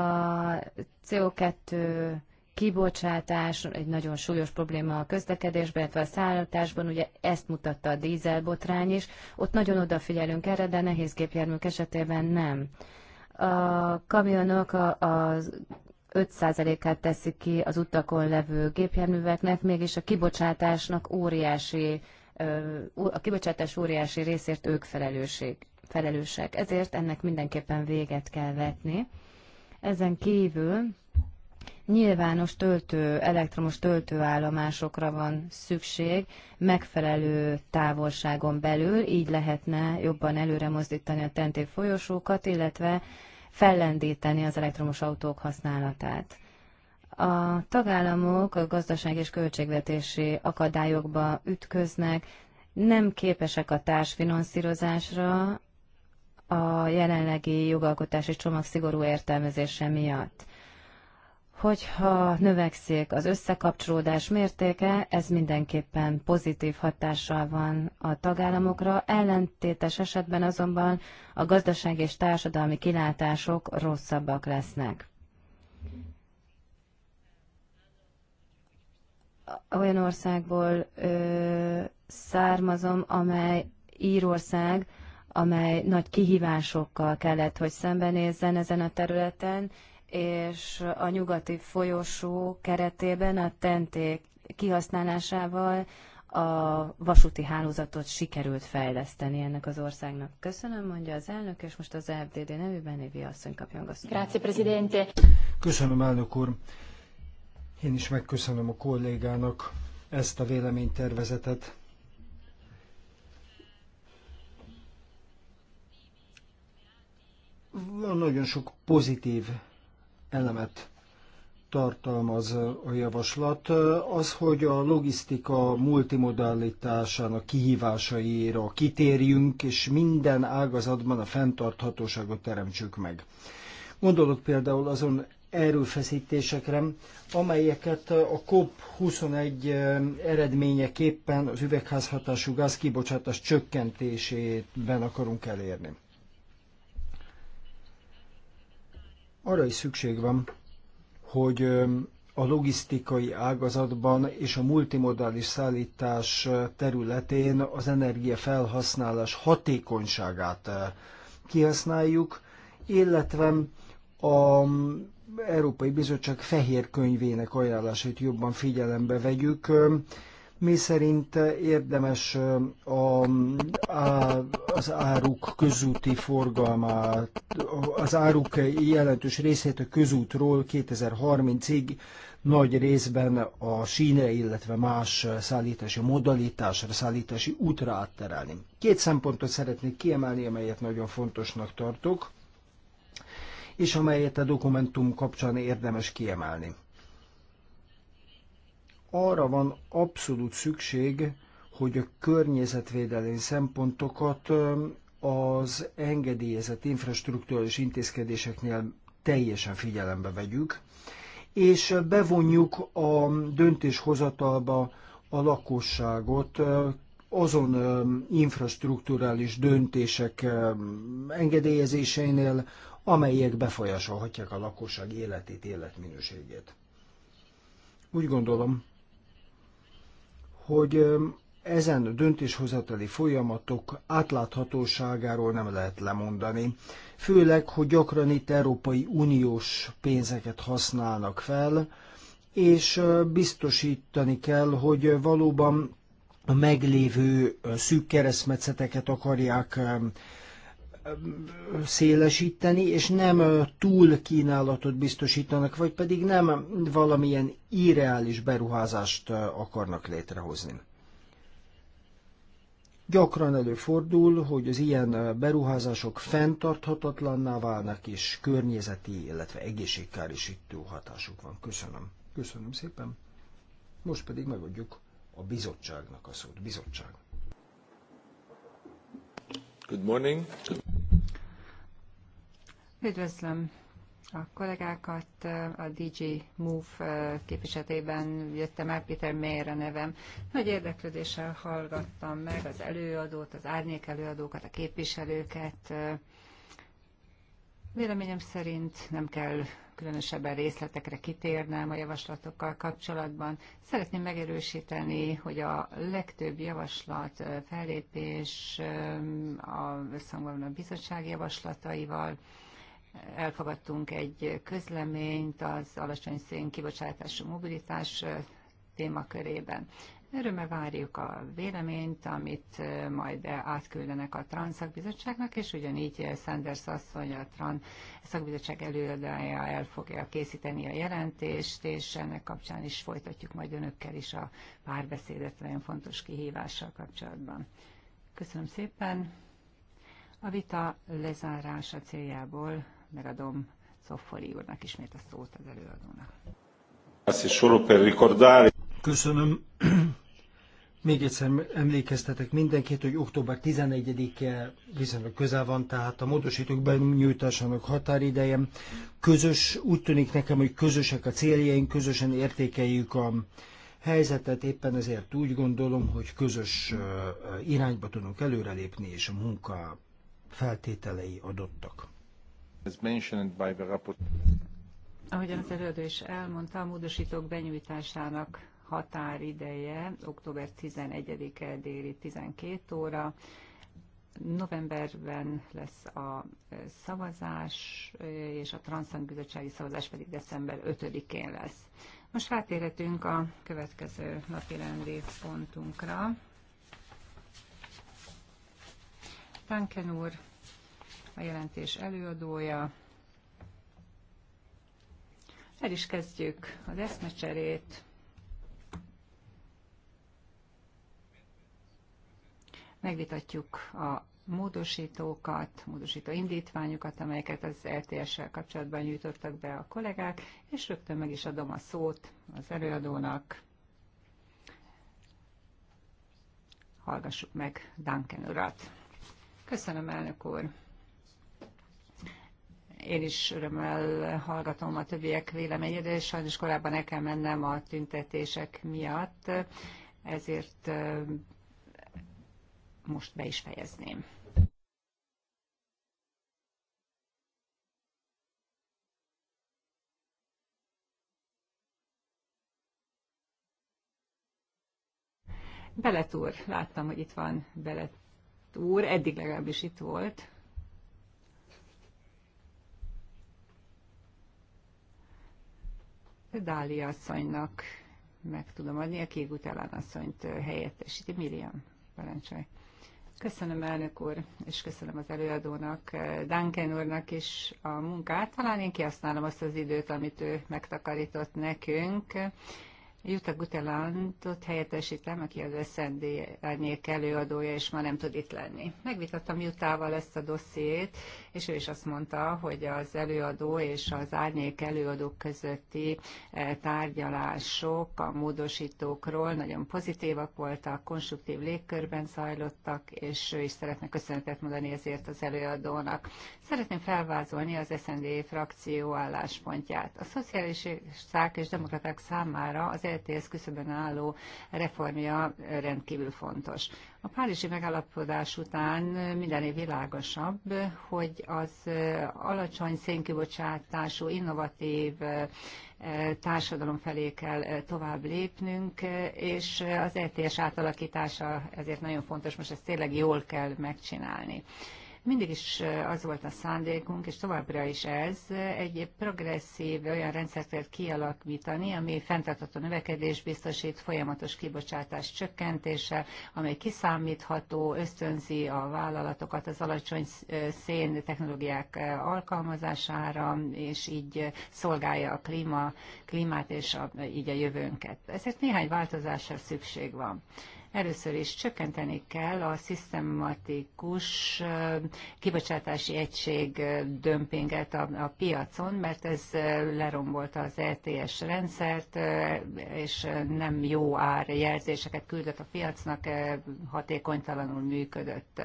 CO2 kibocsátás egy nagyon súlyos probléma a közlekedésben, illetve a szállításban, ugye ezt mutatta a dízelbotrány is. Ott nagyon odafigyelünk erre, de nehéz gépjárműk esetében nem. A kamionok a, az 5%-át teszik ki az utakon levő gépjárműveknek, mégis a kibocsátásnak óriási, a kibocsátás óriási részért ők felelősség, felelősek. Ezért ennek mindenképpen véget kell vetni. Ezen kívül nyilvános töltő, elektromos töltőállomásokra van szükség megfelelő távolságon belül, így lehetne jobban előre mozdítani a tenté folyosókat, illetve fellendíteni az elektromos autók használatát. A tagállamok a gazdaság és költségvetési akadályokba ütköznek, nem képesek a társfinanszírozásra a jelenlegi jogalkotási csomag szigorú értelmezése miatt hogyha növekszik az összekapcsolódás mértéke, ez mindenképpen pozitív hatással van a tagállamokra, ellentétes esetben azonban a gazdaság és társadalmi kilátások rosszabbak lesznek. Olyan országból ö, származom, amely Írország, amely nagy kihívásokkal kellett, hogy szembenézzen ezen a területen, és a nyugati folyosó keretében a tenték kihasználásával a vasúti hálózatot sikerült fejleszteni ennek az országnak. Köszönöm, mondja az elnök, és most az FDD nevűben Évi asszony kapja Grazie, Presidente. Köszönöm, elnök úr. Én is megköszönöm a kollégának ezt a véleménytervezetet. Van nagyon sok pozitív elemet tartalmaz a javaslat, az, hogy a logisztika multimodalitásának kihívásaira kitérjünk, és minden ágazatban a fenntarthatóságot teremtsük meg. Gondolok például azon erőfeszítésekre, amelyeket a COP21 eredményeképpen az üvegházhatású gázkibocsátás csökkentésében akarunk elérni. arra is szükség van, hogy a logisztikai ágazatban és a multimodális szállítás területén az energiafelhasználás hatékonyságát kihasználjuk, illetve a Európai Bizottság fehér könyvének ajánlásait jobban figyelembe vegyük, mi szerint érdemes a, a, az áruk közúti forgalmát, az áruk jelentős részét a közútról 2030-ig nagy részben a sínre, illetve más szállítási modalitásra, szállítási útra átterelni. Két szempontot szeretnék kiemelni, amelyet nagyon fontosnak tartok, és amelyet a dokumentum kapcsán érdemes kiemelni arra van abszolút szükség, hogy a környezetvédelmi szempontokat az engedélyezett infrastruktúrális intézkedéseknél teljesen figyelembe vegyük, és bevonjuk a döntéshozatalba a lakosságot azon infrastruktúrális döntések engedélyezéseinél, amelyek befolyásolhatják a lakosság életét, életminőségét. Úgy gondolom, hogy ezen döntéshozatali folyamatok átláthatóságáról nem lehet lemondani. Főleg, hogy gyakran itt Európai Uniós pénzeket használnak fel, és biztosítani kell, hogy valóban a meglévő szűk keresztmetszeteket akarják szélesíteni, és nem túl kínálatot biztosítanak, vagy pedig nem valamilyen irreális beruházást akarnak létrehozni. Gyakran előfordul, hogy az ilyen beruházások fenntarthatatlanná válnak, és környezeti, illetve egészségkárosító hatásuk van. Köszönöm. Köszönöm szépen. Most pedig megadjuk a bizottságnak a szót. Bizottság. Good morning. Üdvözlöm a kollégákat, a DJ Move eh, képviseletében jöttem el, Peter Mayer a nevem. Nagy érdeklődéssel hallgattam meg az előadót, az árnyék előadókat, a képviselőket. Eh. Véleményem szerint nem kell különösebben részletekre kitérnem a javaslatokkal kapcsolatban. Szeretném megerősíteni, hogy a legtöbb javaslat, eh, fellépés a összhangban a bizottság javaslataival, elfogadtunk egy közleményt az alacsony szén kibocsátású mobilitás témakörében. Örömmel várjuk a véleményt, amit majd átküldenek a TRAN szakbizottságnak, és ugyanígy Sanders asszony a TRAN szakbizottság előadája el fogja készíteni a jelentést, és ennek kapcsán is folytatjuk majd önökkel is a párbeszédet nagyon fontos kihívással kapcsolatban. Köszönöm szépen! A vita lezárása céljából megadom Szoffoli úrnak ismét a szót az előadónak. Köszönöm. Még egyszer emlékeztetek mindenkit, hogy október 11-e viszonylag közel van, tehát a módosítók benyújtásának határideje. Közös, úgy tűnik nekem, hogy közösek a céljaink, közösen értékeljük a helyzetet, éppen ezért úgy gondolom, hogy közös irányba tudunk előrelépni, és a munka feltételei adottak. Ahogyan az előadó is elmondta, a módosítók benyújtásának határideje október 11-e déli 12 óra. Novemberben lesz a e, szavazás, e, és a bizottsági szavazás pedig december 5-én lesz. Most rátérhetünk a következő napi rendi pontunkra. Tanken úr a jelentés előadója. El is kezdjük az eszmecserét. Megvitatjuk a módosítókat, módosító indítványokat, amelyeket az LTS-sel kapcsolatban nyújtottak be a kollégák, és rögtön meg is adom a szót az előadónak. Hallgassuk meg Duncan urat. Köszönöm, elnök úr! Én is örömmel hallgatom a többiek véleményét, és sajnos korábban el kell mennem a tüntetések miatt, ezért most be is fejezném. Beletúr, láttam, hogy itt van Beletúr, eddig legalábbis itt volt. Dáli asszonynak meg tudom adni, a Kégutálán asszonyt helyettesíti. Miriam, parancsolj. Köszönöm elnök úr, és köszönöm az előadónak, Duncan úrnak is a munkát. Talán én kihasználom azt az időt, amit ő megtakarított nekünk Jutta Gutelandot helyettesítem, aki az SND árnyék előadója, és már nem tud itt lenni. Megvitattam Jutával ezt a dossziét, és ő is azt mondta, hogy az előadó és az árnyék előadók közötti eh, tárgyalások a módosítókról nagyon pozitívak voltak, konstruktív légkörben zajlottak, és ő is szeretne köszönetet mondani ezért az előadónak. Szeretném felvázolni az SND frakció álláspontját. A szák és demokraták számára az ETS küszöbön álló reformja rendkívül fontos. A párizsi megállapodás után minden év világosabb, hogy az alacsony szénkibocsátású, innovatív társadalom felé kell tovább lépnünk, és az ETS átalakítása ezért nagyon fontos, most ezt tényleg jól kell megcsinálni. Mindig is az volt a szándékunk, és továbbra is ez, egy progresszív olyan rendszert kell kialakítani, ami fenntartható növekedés biztosít, folyamatos kibocsátás csökkentése, amely kiszámítható, ösztönzi a vállalatokat az alacsony szén technológiák alkalmazására, és így szolgálja a klíma, klímát és a, így a jövőnket. Ezért néhány változásra szükség van. Először is csökkenteni kell a szisztematikus kibocsátási egység dömpinget a, a piacon, mert ez lerombolta az LTS e rendszert, és nem jó árjelzéseket küldött a piacnak, hatékonytalanul működött.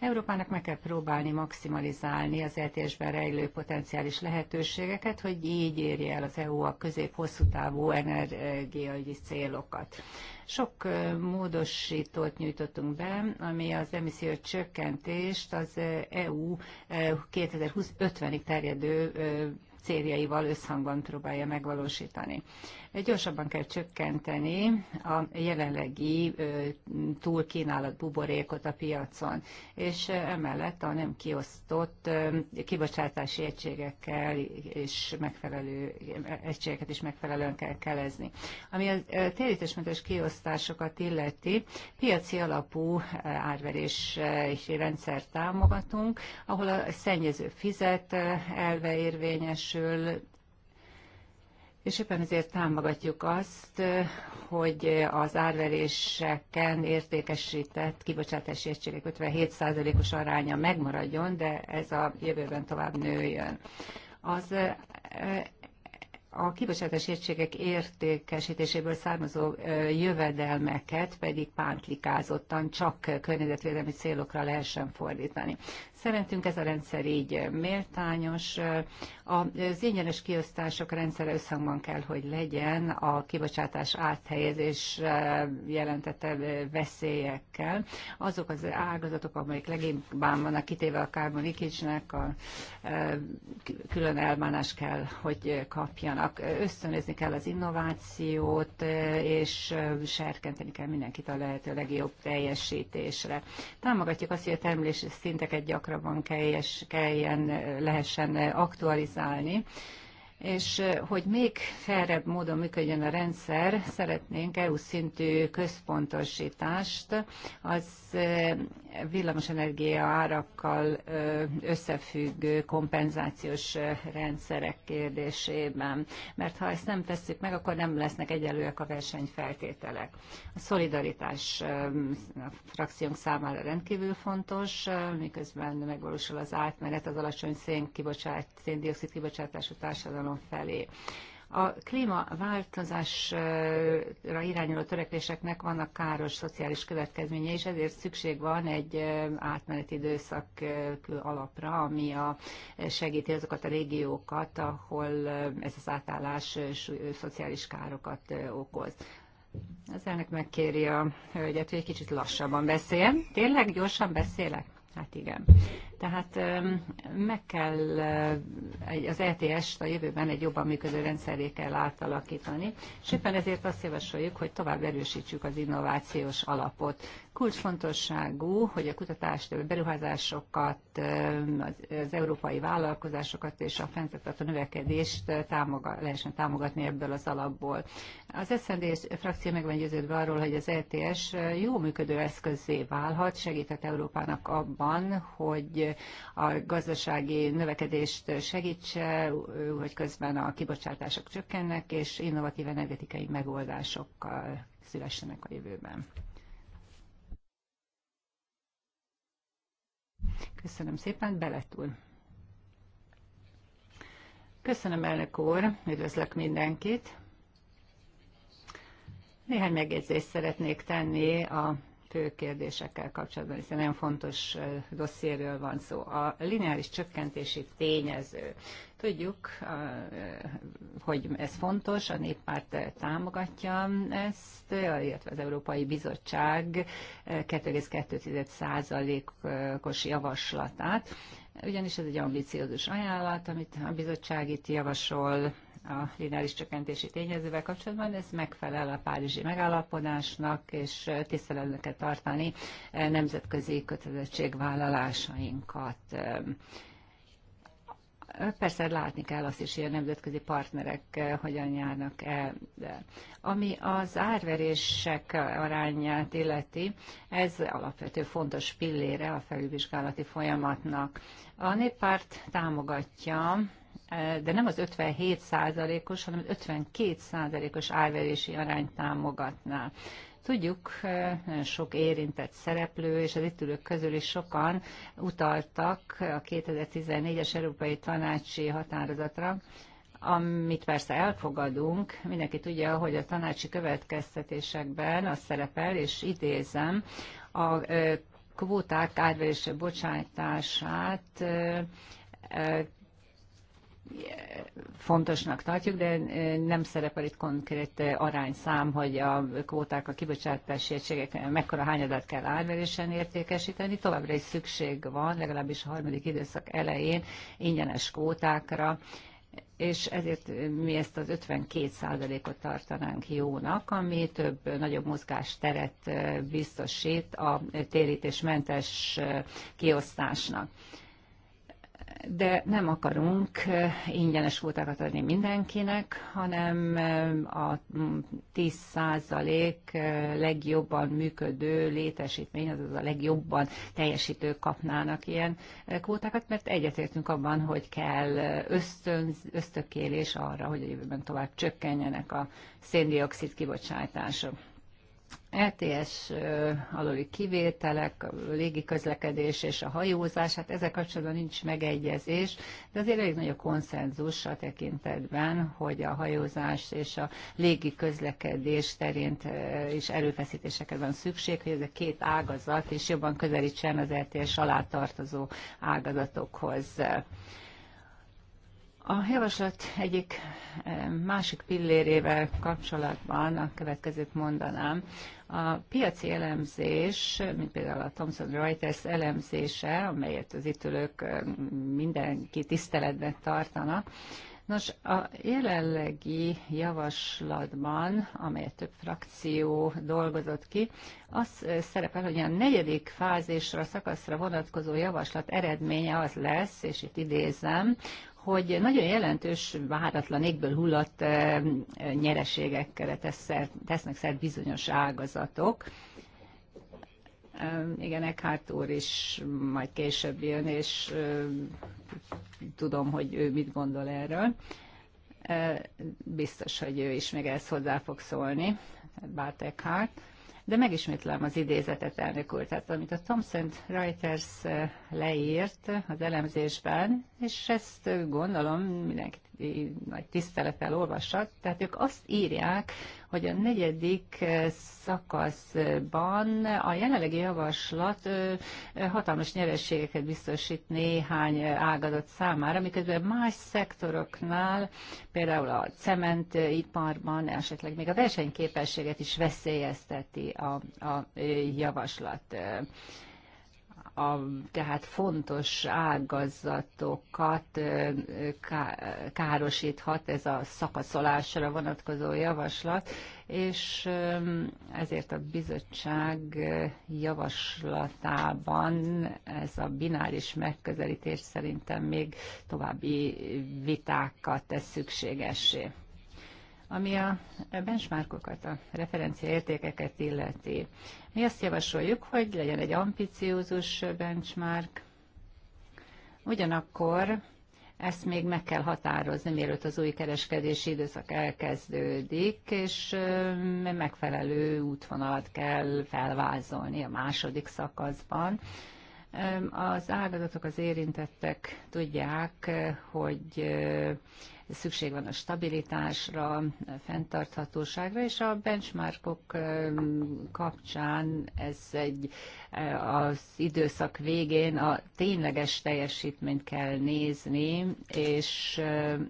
Európának meg kell próbálni maximalizálni az ETS-ben rejlő potenciális lehetőségeket, hogy így érje el az EU a közép-hosszú távú energiai célokat. Sok módosítót nyújtottunk be, ami az emisszió csökkentést az EU 2050-ig terjedő céljaival összhangban próbálja megvalósítani. Gyorsabban kell csökkenteni a jelenlegi túlkínálat buborékot a piacon, és emellett a nem kiosztott kibocsátási egységekkel és megfelelő egységeket is megfelelően kell kelezni. Ami a térítésmentes kiosztásokat illeti, piaci alapú árverési rendszer támogatunk, ahol a szennyező fizet elve érvényesül, és éppen ezért támogatjuk azt, hogy az árveréseken értékesített kibocsátási egységek 57%-os aránya megmaradjon, de ez a jövőben tovább nőjön. Az a kibocsátás értségek értékesítéséből származó jövedelmeket pedig pántlikázottan csak környezetvédelmi célokra lehessen fordítani. Szerintünk ez a rendszer így méltányos. Az ingyenes kiosztások rendszere összhangban kell, hogy legyen a kibocsátás áthelyezés jelentette veszélyekkel. Azok az ágazatok, amelyek leginkább vannak kitéve a carbon a külön elbánás kell, hogy kapjanak használnak. Ösztönözni kell az innovációt, és serkenteni kell mindenkit a lehető legjobb teljesítésre. Támogatjuk azt, hogy a termelési szinteket gyakrabban kelljen, kelljen lehessen aktualizálni, és hogy még felrebb módon működjön a rendszer, szeretnénk EU szintű központosítást az villamosenergia árakkal összefüggő kompenzációs rendszerek kérdésében. Mert ha ezt nem tesszük meg, akkor nem lesznek egyelőek a versenyfeltételek. A szolidaritás a frakciónk számára rendkívül fontos, miközben megvalósul az átmenet az alacsony szén kibocsát, széndiokszid kibocsátású társadalom Libanon felé. A klímaváltozásra irányuló törekvéseknek vannak káros szociális következményei, és ezért szükség van egy átmeneti időszak alapra, ami a, segíti azokat a régiókat, ahol ez az átállás szociális károkat okoz. Az elnök megkéri a hölgyet, hogy egy kicsit lassabban beszéljen. Tényleg gyorsan beszélek? Hát igen. Tehát meg kell az ETS-t a jövőben egy jobban működő rendszeré kell átalakítani, és éppen ezért azt javasoljuk, hogy tovább erősítsük az innovációs alapot. Kulcsfontosságú, hogy a kutatást, beruházásokat, az európai vállalkozásokat és a fenntartható növekedést támogat, lehessen támogatni ebből az alapból. Az SZND frakció meg van győződve arról, hogy az ETS jó működő eszközé válhat, segített Európának abban, hogy a gazdasági növekedést segítse, hogy közben a kibocsátások csökkennek, és innovatív energetikai megoldásokkal szülessenek a jövőben. Köszönöm szépen, beletúl. Köszönöm, elnök úr, üdvözlök mindenkit. Néhány megjegyzést szeretnék tenni a fő kérdésekkel kapcsolatban, hiszen nagyon fontos dossziéről van szó. A lineáris csökkentési tényező. Tudjuk, hogy ez fontos, a néppárt támogatja ezt, illetve az Európai Bizottság 2,2%-os javaslatát, ugyanis ez egy ambiciózus ajánlat, amit a bizottság itt javasol, a lineáris csökkentési tényezővel kapcsolatban, ez megfelel a párizsi megállapodásnak, és tiszteletben kell tartani nemzetközi kötelezettségvállalásainkat. Persze látni kell azt is, hogy a nemzetközi partnerek eh, hogyan járnak el. De ami az árverések arányát illeti, ez alapvető fontos pillére a felülvizsgálati folyamatnak. A néppárt támogatja eh, de nem az 57 százalékos, hanem az 52 százalékos árverési arányt támogatná. Tudjuk, nagyon sok érintett szereplő, és az itt ülők közül is sokan utaltak a 2014-es Európai Tanácsi Határozatra, amit persze elfogadunk, mindenki tudja, hogy a tanácsi következtetésekben az szerepel, és idézem, a kvóták árverése, bocsátását fontosnak tartjuk, de nem szerepel itt konkrét arányszám, hogy a kvóták a kibocsátási egységek mekkora hányadat kell árverésen értékesíteni. Továbbra is szükség van, legalábbis a harmadik időszak elején ingyenes kvótákra, és ezért mi ezt az 52%-ot tartanánk jónak, ami több nagyobb mozgásteret biztosít a térítésmentes kiosztásnak de nem akarunk eh, ingyenes kvótákat adni mindenkinek, hanem eh, a 10% eh, legjobban működő létesítmény, azaz a legjobban teljesítők kapnának ilyen kvótákat, mert egyetértünk abban, hogy kell ösztön, ösztökélés arra, hogy a jövőben tovább csökkenjenek a széndiokszid kibocsátások. LTS e aluli kivételek, a légiközlekedés és a hajózás, hát ezek kapcsolatban nincs megegyezés, de azért elég nagy a konszenzus a tekintetben, hogy a hajózás és a közlekedés terén is erőfeszítéseket van szükség, hogy ez a két ágazat is jobban közelítsen az LTS e alá tartozó ágazatokhoz. A javaslat egyik eh, másik pillérével kapcsolatban a következőt mondanám. A piaci elemzés, mint például a Thomson Reuters elemzése, amelyet az itt ülők eh, mindenki tiszteletben tartanak, Nos, a jelenlegi javaslatban, amelyet több frakció dolgozott ki, az eh, szerepel, hogy a negyedik fázisra, szakaszra vonatkozó javaslat eredménye az lesz, és itt idézem, hogy nagyon jelentős, váratlan égből hullott eh, nyereségekre tesznek szert bizonyos ágazatok. Eh, igen, Eckhart úr is majd később jön, és eh, tudom, hogy ő mit gondol erről. Biztos, hogy ő is még ezt hozzá fog szólni, bár Eckhart. De megismétlem az idézetet, elnök úr, tehát amit a Thomson Reuters eh, leírt az elemzésben, és ezt gondolom mindenki nagy tisztelettel olvassa, tehát ők azt írják, hogy a negyedik eh, szakaszban a jelenlegi javaslat eh, hatalmas nyerességeket biztosít néhány eh, ágazat számára, miközben más szektoroknál, például a cementiparban esetleg még a versenyképességet is veszélyezteti a, a javaslat a, tehát fontos ágazatokat károsíthat ez a szakaszolásra vonatkozó javaslat, és ezért a bizottság javaslatában ez a bináris megközelítés szerintem még további vitákat tesz szükségessé. Ami a benchmarkokat, a referenciaértékeket illeti, mi azt javasoljuk, hogy legyen egy ambiciózus benchmark, ugyanakkor ezt még meg kell határozni, mielőtt az új kereskedési időszak elkezdődik, és megfelelő útvonalat kell felvázolni a második szakaszban. Az áldozatok, az érintettek tudják, hogy szükség van a stabilitásra, a fenntarthatóságra, és a benchmarkok kapcsán ez egy az időszak végén a tényleges teljesítményt kell nézni, és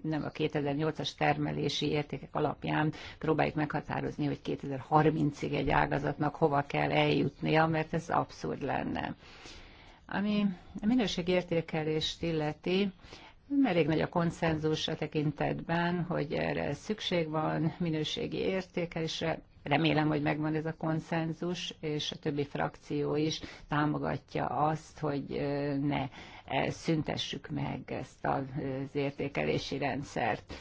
nem a 2008-as termelési értékek alapján próbáljuk meghatározni, hogy 2030-ig egy ágazatnak hova kell eljutnia, mert ez abszurd lenne. Ami a minőségértékelést illeti, elég nagy a konszenzus a tekintetben, hogy erre szükség van, minőségi értékelésre, remélem, hogy megvan ez a konszenzus, és a többi frakció is támogatja azt, hogy ne szüntessük meg ezt az értékelési rendszert.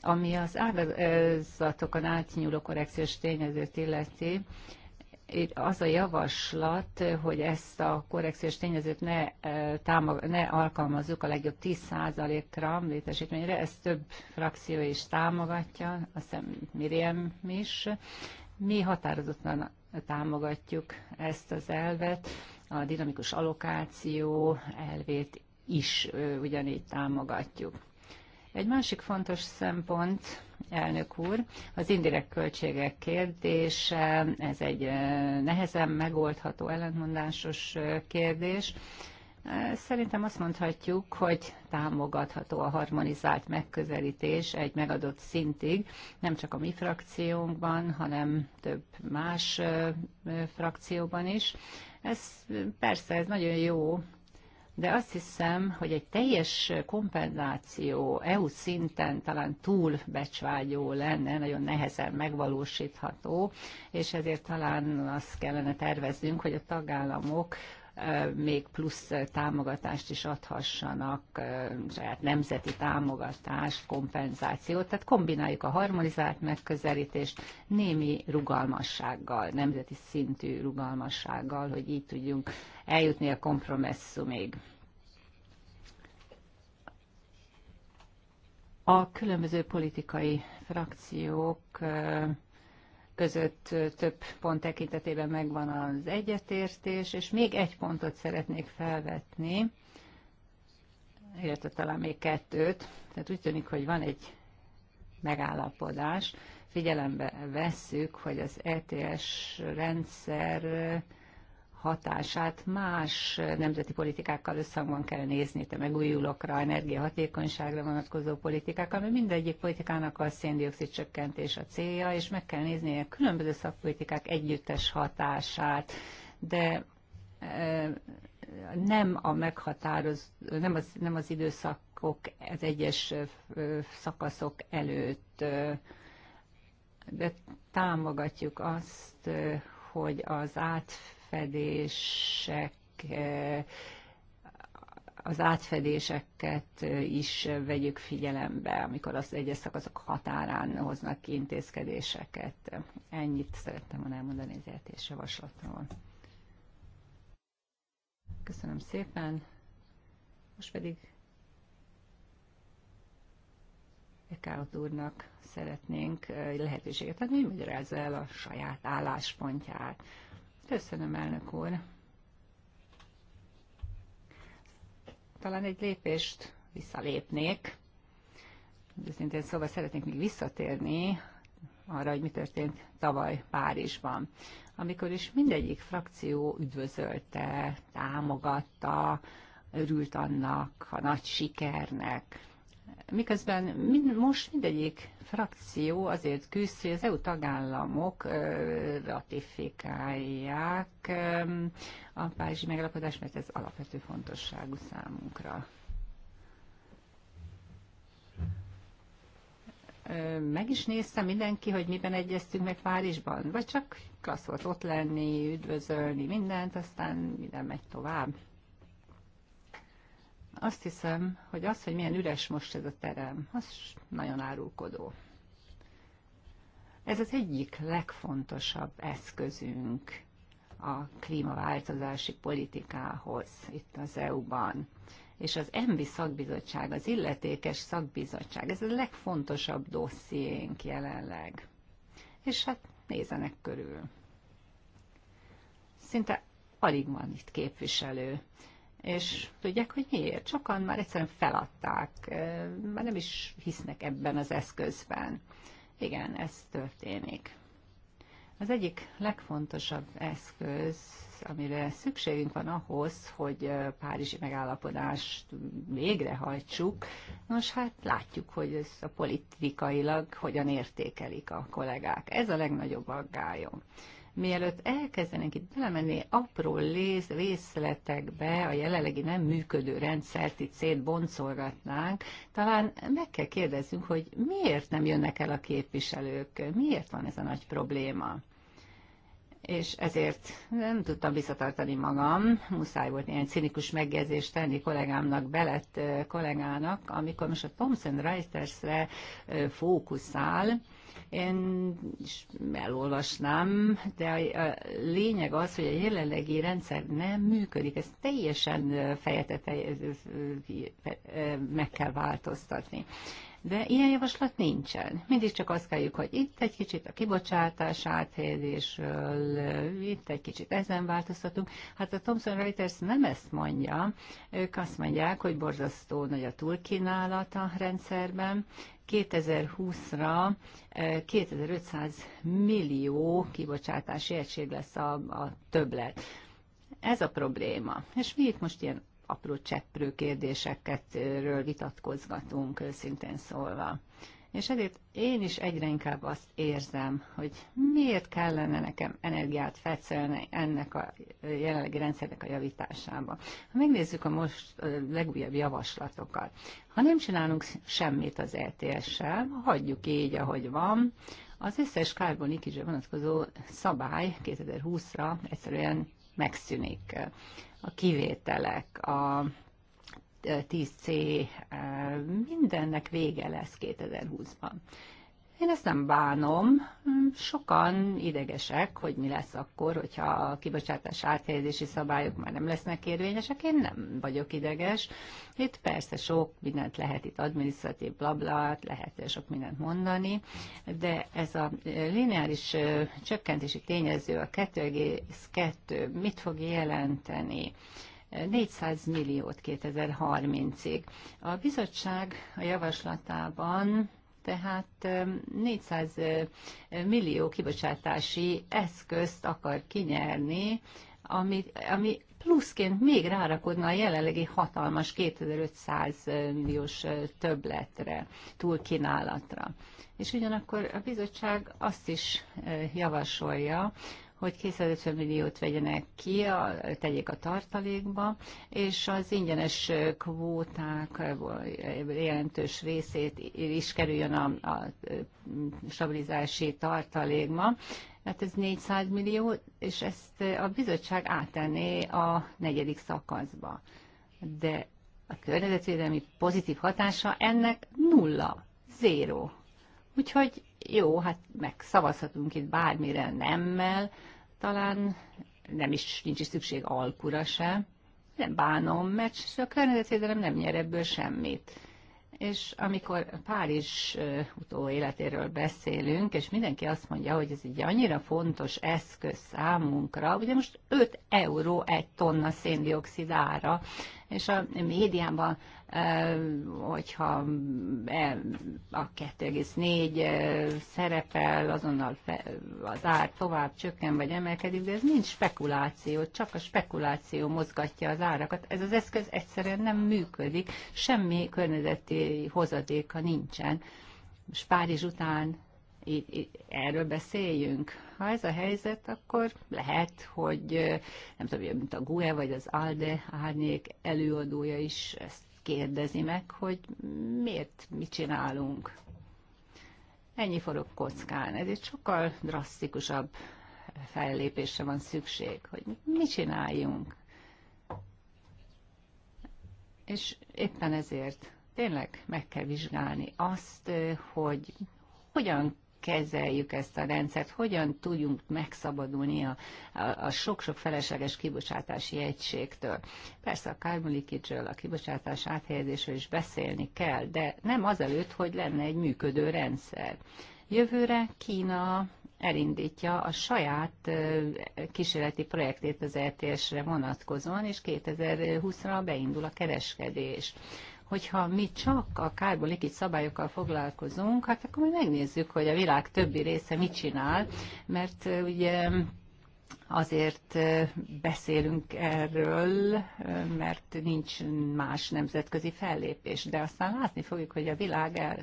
Ami az ágazatokon átnyúló korrekciós tényezőt illeti, az a javaslat, hogy ezt a korrekciós tényezőt ne, támog, ne alkalmazzuk a legjobb 10%-ra létesítményre, ezt több frakció is támogatja, azt hiszem Miriam is. Mi határozottan támogatjuk ezt az elvet, a dinamikus allokáció elvét is ugyanígy támogatjuk. Egy másik fontos szempont, elnök úr. Az indirekt költségek kérdése, ez egy nehezen megoldható, ellentmondásos kérdés. Szerintem azt mondhatjuk, hogy támogatható a harmonizált megközelítés egy megadott szintig, nem csak a mi frakciónkban, hanem több más frakcióban is. Ez persze, ez nagyon jó de azt hiszem, hogy egy teljes kompenzáció EU szinten talán túl becsvágyó lenne, nagyon nehezen megvalósítható, és ezért talán azt kellene terveznünk, hogy a tagállamok még plusz támogatást is adhassanak, saját nemzeti támogatást, kompenzációt. Tehát kombináljuk a harmonizált megközelítést némi rugalmassággal, nemzeti szintű rugalmassággal, hogy így tudjunk eljutni a kompromisszumig. A különböző politikai frakciók között több pont tekintetében megvan az egyetértés, és még egy pontot szeretnék felvetni, illetve talán még kettőt. Tehát úgy tűnik, hogy van egy megállapodás. Figyelembe vesszük, hogy az ETS rendszer hatását más nemzeti politikákkal összhangban kell nézni, itt a megújulókra, energiahatékonyságra vonatkozó politikákkal, mert mindegyik politikának a széndiokszid csökkentés a célja, és meg kell nézni a különböző szakpolitikák együttes hatását, de eh, nem a meghatároz, nem az, nem az időszakok, az egyes eh, szakaszok előtt, eh, de támogatjuk azt, hogy az át átfedések eh, az átfedéseket eh, is vegyük figyelembe, amikor az egyes szakaszok határán hoznak ki intézkedéseket. Ennyit szerettem volna elmondani az értés e javaslatról. Köszönöm szépen. Most pedig Ekállat úrnak szeretnénk eh, lehetőséget adni, hogy el a saját álláspontját. Köszönöm, elnök úr. Talán egy lépést visszalépnék. Őszintén szóval szeretnék még visszatérni arra, hogy mi történt tavaly Párizsban, amikor is mindegyik frakció üdvözölte, támogatta, örült annak, a nagy sikernek, miközben mind, most mindegyik frakció azért küzd, hogy az EU tagállamok ratifikálják a Párizsi megalapodást, mert ez alapvető fontosságú számunkra. meg is nézte mindenki, hogy miben egyeztünk meg Párizsban, vagy csak klassz volt ott lenni, üdvözölni mindent, aztán minden megy tovább azt hiszem, hogy az, hogy milyen üres most ez a terem, az nagyon árulkodó. Ez az egyik legfontosabb eszközünk a klímaváltozási politikához itt az EU-ban. És az ENVI szakbizottság, az illetékes szakbizottság, ez a legfontosabb dossziénk jelenleg. És hát nézenek körül. Szinte alig van itt képviselő és tudják, hogy miért? Sokan már egyszerűen feladták, már nem is hisznek ebben az eszközben. Igen, ez történik. Az egyik legfontosabb eszköz, amire szükségünk van ahhoz, hogy Párizsi megállapodást végrehajtsuk, nos hát látjuk, hogy ez a politikailag hogyan értékelik a kollégák. Ez a legnagyobb aggályom mielőtt elkezdenek itt belemenni apró léz, részletekbe a jelenlegi nem működő rendszert itt szétboncolgatnánk, talán meg kell kérdezzünk, hogy miért nem jönnek el a képviselők, miért van ez a nagy probléma. És ezért nem tudtam visszatartani magam, muszáj volt ilyen cinikus megjegyzést tenni kollégámnak, Belet eh, kollégának, amikor most a Thomson Reuters-re eh, fókuszál, én is elolvasnám, de a lényeg az, hogy a jelenlegi rendszer nem működik, ezt teljesen fejeteteje meg kell változtatni de ilyen javaslat nincsen. Mindig csak azt kelljük, hogy itt egy kicsit a kibocsátás áthelyezésről, itt egy kicsit ezen változtatunk. Hát a Thomson Reuters nem ezt mondja, ők azt mondják, hogy borzasztó nagy a túlkínálat a rendszerben, 2020-ra 2500 eh, millió kibocsátási egység lesz a, a többlet. Ez a probléma. És mi itt most ilyen apró cseprő kérdésekről vitatkozgatunk, őszintén szólva. És ezért én is egyre inkább azt érzem, hogy miért kellene nekem energiát fetszelni ennek a jelenlegi rendszernek a javításába. Ha megnézzük a most legújabb javaslatokat, ha nem csinálunk semmit az ETS-sel, hagyjuk így, ahogy van, az összes kárbonikizsre vonatkozó szabály 2020-ra egyszerűen megszűnik. A kivételek, a 10C eh, eh, mindennek vége lesz 2020-ban. Én ezt nem bánom. Sokan idegesek, hogy mi lesz akkor, hogyha a kibocsátás áthelyezési szabályok már nem lesznek érvényesek. Én nem vagyok ideges. Itt persze sok mindent lehet, itt administratív blablát, lehet sok mindent mondani, de ez a lineáris csökkentési tényező, a 2,2 mit fog jelenteni? 400 milliót 2030-ig. A bizottság a javaslatában tehát 400 millió kibocsátási eszközt akar kinyerni, ami, ami pluszként még rárakodna a jelenlegi hatalmas 2500 milliós többletre, túlkínálatra. És ugyanakkor a bizottság azt is javasolja, hogy 250 milliót vegyenek ki, a, tegyék a tartalékba, és az ingyenes kvóták eh, jelentős részét is kerüljön a, a eh, stabilizási tartalékba. Hát ez 400 millió, és ezt eh, a bizottság átenné a negyedik szakaszba. De a környezetvédelmi pozitív hatása ennek nulla, zéro. Úgyhogy jó, hát meg szavazhatunk itt bármire nemmel, talán nem is, nincs is szükség alkura se. Nem bánom, mert a környezetvédelem nem nyer ebből semmit. És amikor Párizs életéről beszélünk, és mindenki azt mondja, hogy ez egy annyira fontos eszköz számunkra, ugye most 5 euró egy tonna széndiokszidára és a médiában, hogyha e, a 2,4 szerepel, azonnal az ár tovább csökken vagy emelkedik, de ez nincs spekuláció, csak a spekuláció mozgatja az árakat. Ez az eszköz egyszerűen nem működik, semmi környezeti hozadéka nincsen. És Párizs után erről beszéljünk, ha ez a helyzet, akkor lehet, hogy nem tudom, mint a GUE vagy az ALDE árnyék előadója is ezt kérdezi meg, hogy miért, mit csinálunk. Ennyi forog kockán. Ez egy sokkal drasztikusabb fellépésre van szükség, hogy mit csináljunk. És éppen ezért tényleg meg kell vizsgálni azt, hogy hogyan kezeljük ezt a rendszert, hogyan tudjunk megszabadulni a, a, a sok-sok felesleges kibocsátási egységtől. Persze a Kármulikicsről, a kibocsátás áthelyezésről is beszélni kell, de nem azelőtt, hogy lenne egy működő rendszer. Jövőre Kína elindítja a saját kísérleti projektét az ETS-re vonatkozóan, és 2020-ra beindul a kereskedés hogyha mi csak a kárból likid szabályokkal foglalkozunk, hát akkor mi megnézzük, hogy a világ többi része mit csinál, mert ugye azért beszélünk erről, mert nincs más nemzetközi fellépés, de aztán látni fogjuk, hogy a világ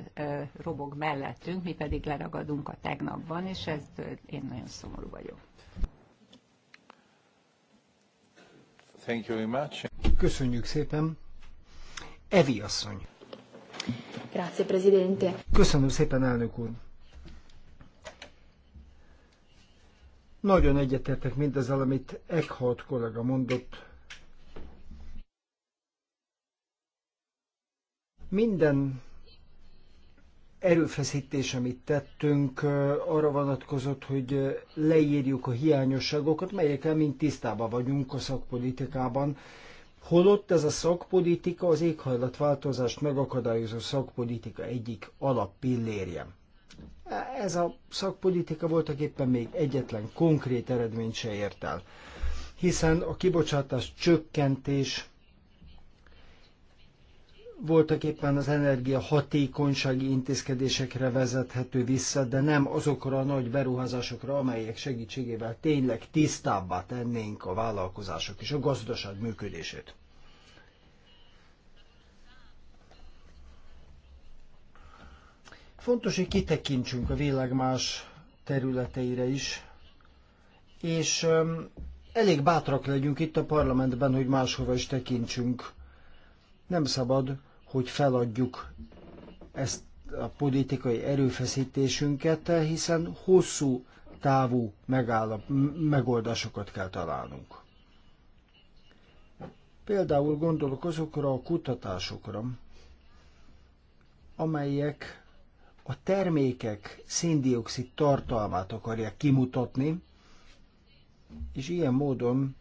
robog mellettünk, mi pedig leragadunk a tegnapban, és ez én nagyon szomorú vagyok. Thank you very much. Köszönjük szépen. Evi asszony. Grazie, Presidente. Köszönöm szépen, elnök úr. Nagyon egyetértek mindezzel, amit Eckhart kollega mondott. Minden erőfeszítés, amit tettünk, arra vonatkozott, hogy leírjuk a hiányosságokat, melyekkel mind tisztában vagyunk a szakpolitikában, Holott ez a szakpolitika az éghajlatváltozást megakadályozó szakpolitika egyik alappillérje. Ez a szakpolitika voltak éppen még egyetlen konkrét eredményt se ért el, hiszen a kibocsátás csökkentés voltak éppen az energia hatékonysági intézkedésekre vezethető vissza, de nem azokra a nagy beruházásokra, amelyek segítségével tényleg tisztábbá tennénk a vállalkozások és a gazdaság működését. Fontos, hogy kitekintsünk a világ más területeire is, és elég bátrak legyünk itt a parlamentben, hogy máshova is tekintsünk. Nem szabad, hogy feladjuk ezt a politikai erőfeszítésünket, hiszen hosszú távú megállap, megoldásokat kell találnunk. Például gondolok azokra a kutatásokra, amelyek a termékek széndiokszid tartalmát akarják kimutatni, és ilyen módon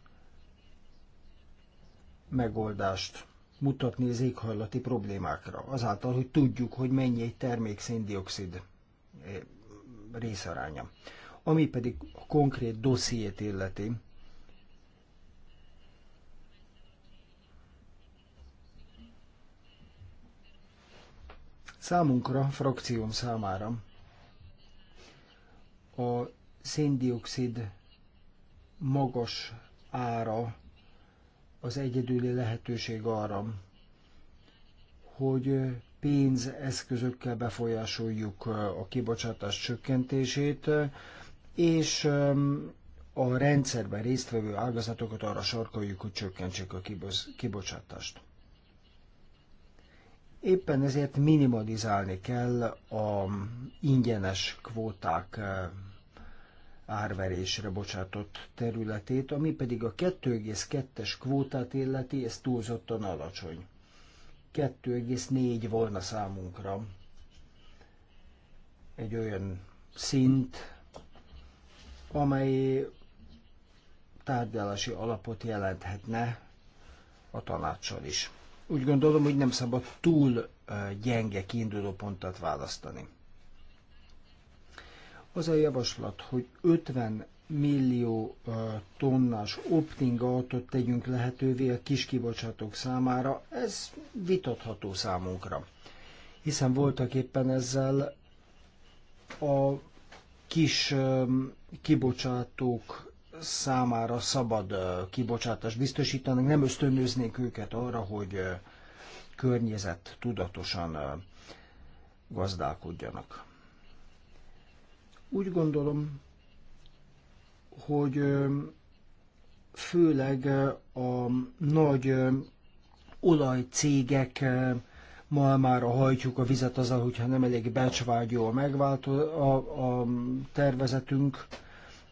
megoldást mutatni az éghajlati problémákra, azáltal, hogy tudjuk, hogy mennyi egy termék széndiokszid eh, részaránya. Ami pedig a konkrét dossziét illeti, Számunkra, frakcióm számára a széndiokszid magas ára az egyedüli lehetőség arra, hogy pénzeszközökkel befolyásoljuk a kibocsátás csökkentését, és um, a rendszerben résztvevő ágazatokat arra sarkoljuk, hogy csökkentsék a kibocsátást. Éppen ezért minimalizálni kell a ingyenes kvóták árverésre bocsátott területét, ami pedig a 2,2-es kvótát illeti, ez túlzottan alacsony. 2,4 volna számunkra egy olyan szint, amely tárgyalási alapot jelenthetne a tanácssal is. Úgy gondolom, hogy nem szabad túl gyenge kiinduló pontot választani. Az a javaslat, hogy 50 millió tonnás opting autot tegyünk lehetővé a kiskibocsátók számára, ez vitatható számunkra. Hiszen voltak éppen ezzel a kis kibocsátók számára szabad kibocsátást biztosítanak, nem ösztönöznék őket arra, hogy környezet tudatosan gazdálkodjanak. Úgy gondolom, hogy főleg a nagy olajcégek malmára hajtjuk a vizet azzal, hogyha nem elég becsvágyó a, megváltó, a, a tervezetünk.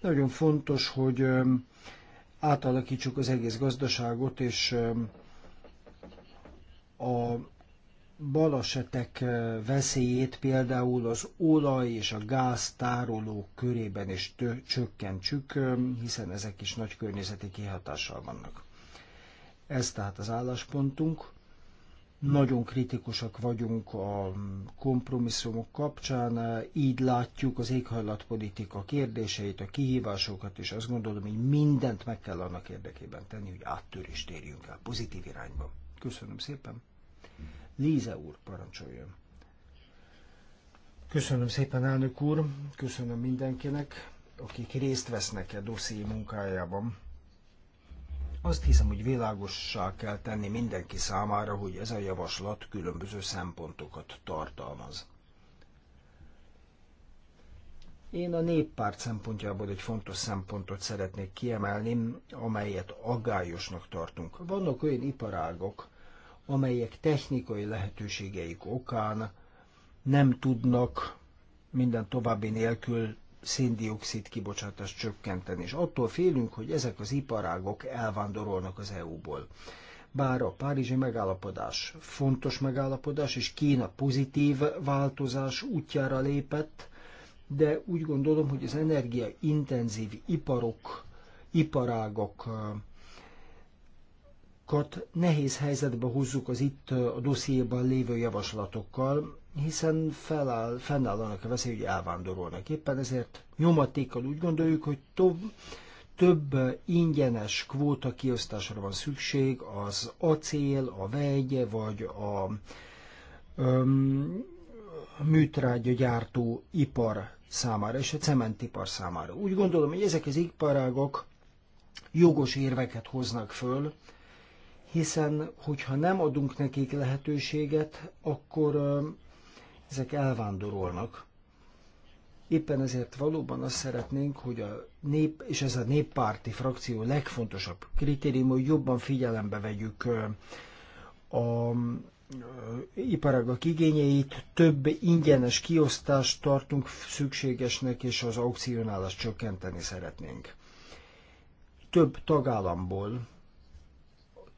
Nagyon fontos, hogy átalakítsuk az egész gazdaságot, és a balesetek veszélyét például az olaj és a gáz tárolók körében is csökkentsük, hiszen ezek is nagy környezeti kihatással vannak. Ez tehát az álláspontunk. Nagyon kritikusak vagyunk a kompromisszumok kapcsán, így látjuk az éghajlatpolitika kérdéseit, a kihívásokat, és azt gondolom, hogy mindent meg kell annak érdekében tenni, hogy áttörést érjünk el pozitív irányba. Köszönöm szépen! Líze úr, parancsoljon. Köszönöm szépen, elnök úr, köszönöm mindenkinek, akik részt vesznek a e dosszié munkájában. Azt hiszem, hogy világossá kell tenni mindenki számára, hogy ez a javaslat különböző szempontokat tartalmaz. Én a néppárt szempontjából egy fontos szempontot szeretnék kiemelni, amelyet aggályosnak tartunk. Vannak olyan iparágok, amelyek technikai lehetőségeik okán nem tudnak minden további nélkül széndiokszid kibocsátást csökkenteni, és attól félünk, hogy ezek az iparágok elvándorolnak az EU-ból. Bár a párizsi megállapodás fontos megállapodás, és Kína pozitív változás útjára lépett, de úgy gondolom, hogy az energiaintenzív iparok, iparágok tagállamokat nehéz helyzetbe hozzuk az itt a dossziéban lévő javaslatokkal, hiszen feláll, annak a veszély, hogy elvándorolnak. Éppen ezért nyomatékkal úgy gondoljuk, hogy több, több ingyenes kvóta kiosztásra van szükség, az acél, a vegy, vagy a öm, műtrágya gyártó ipar számára, és a cementipar számára. Úgy gondolom, hogy ezek az iparágok jogos érveket hoznak föl, hiszen hogyha nem adunk nekik lehetőséget, akkor ezek elvándorolnak. Éppen ezért valóban azt szeretnénk, hogy a nép, és ez a néppárti frakció legfontosabb kritérium, hogy jobban figyelembe vegyük a iparágak igényeit, több ingyenes kiosztást tartunk szükségesnek, és az aukcionálást csökkenteni szeretnénk. Több tagállamból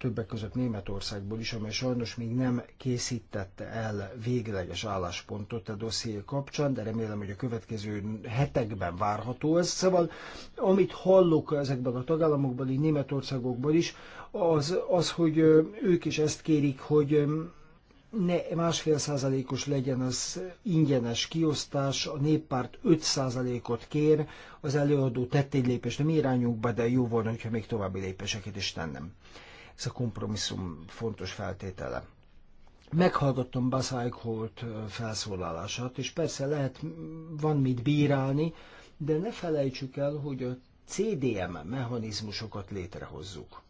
többek között Németországból is, amely sajnos még nem készítette el végleges álláspontot a dosszié kapcsán, de remélem, hogy a következő hetekben várható ez. Szóval, amit hallok ezekben a tagállamokban, így Németországokban is, az, az, hogy ők is ezt kérik, hogy ne másfél százalékos legyen az ingyenes kiosztás, a néppárt 5 százalékot kér, az előadó tett egy lépést a mi irányunkba, de jó volna, hogyha még további lépéseket is tennem. Ez a kompromisszum fontos feltétele. Meghallgattam Buzz felszólalását, és persze lehet, van mit bírálni, de ne felejtsük el, hogy a CDM mechanizmusokat létrehozzuk.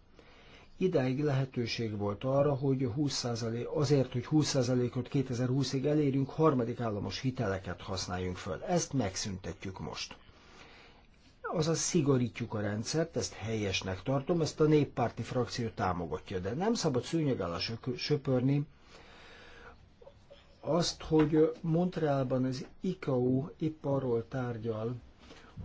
Idáig lehetőség volt arra, hogy 20% azért, hogy 20%-ot 2020-ig elérjünk, harmadik államos hiteleket használjunk föl. Ezt megszüntetjük most azaz szigorítjuk a rendszert, ezt helyesnek tartom, ezt a néppárti frakció támogatja, de nem szabad szőnyeg alá söpörni azt, hogy Montrealban az ICAO épp arról tárgyal,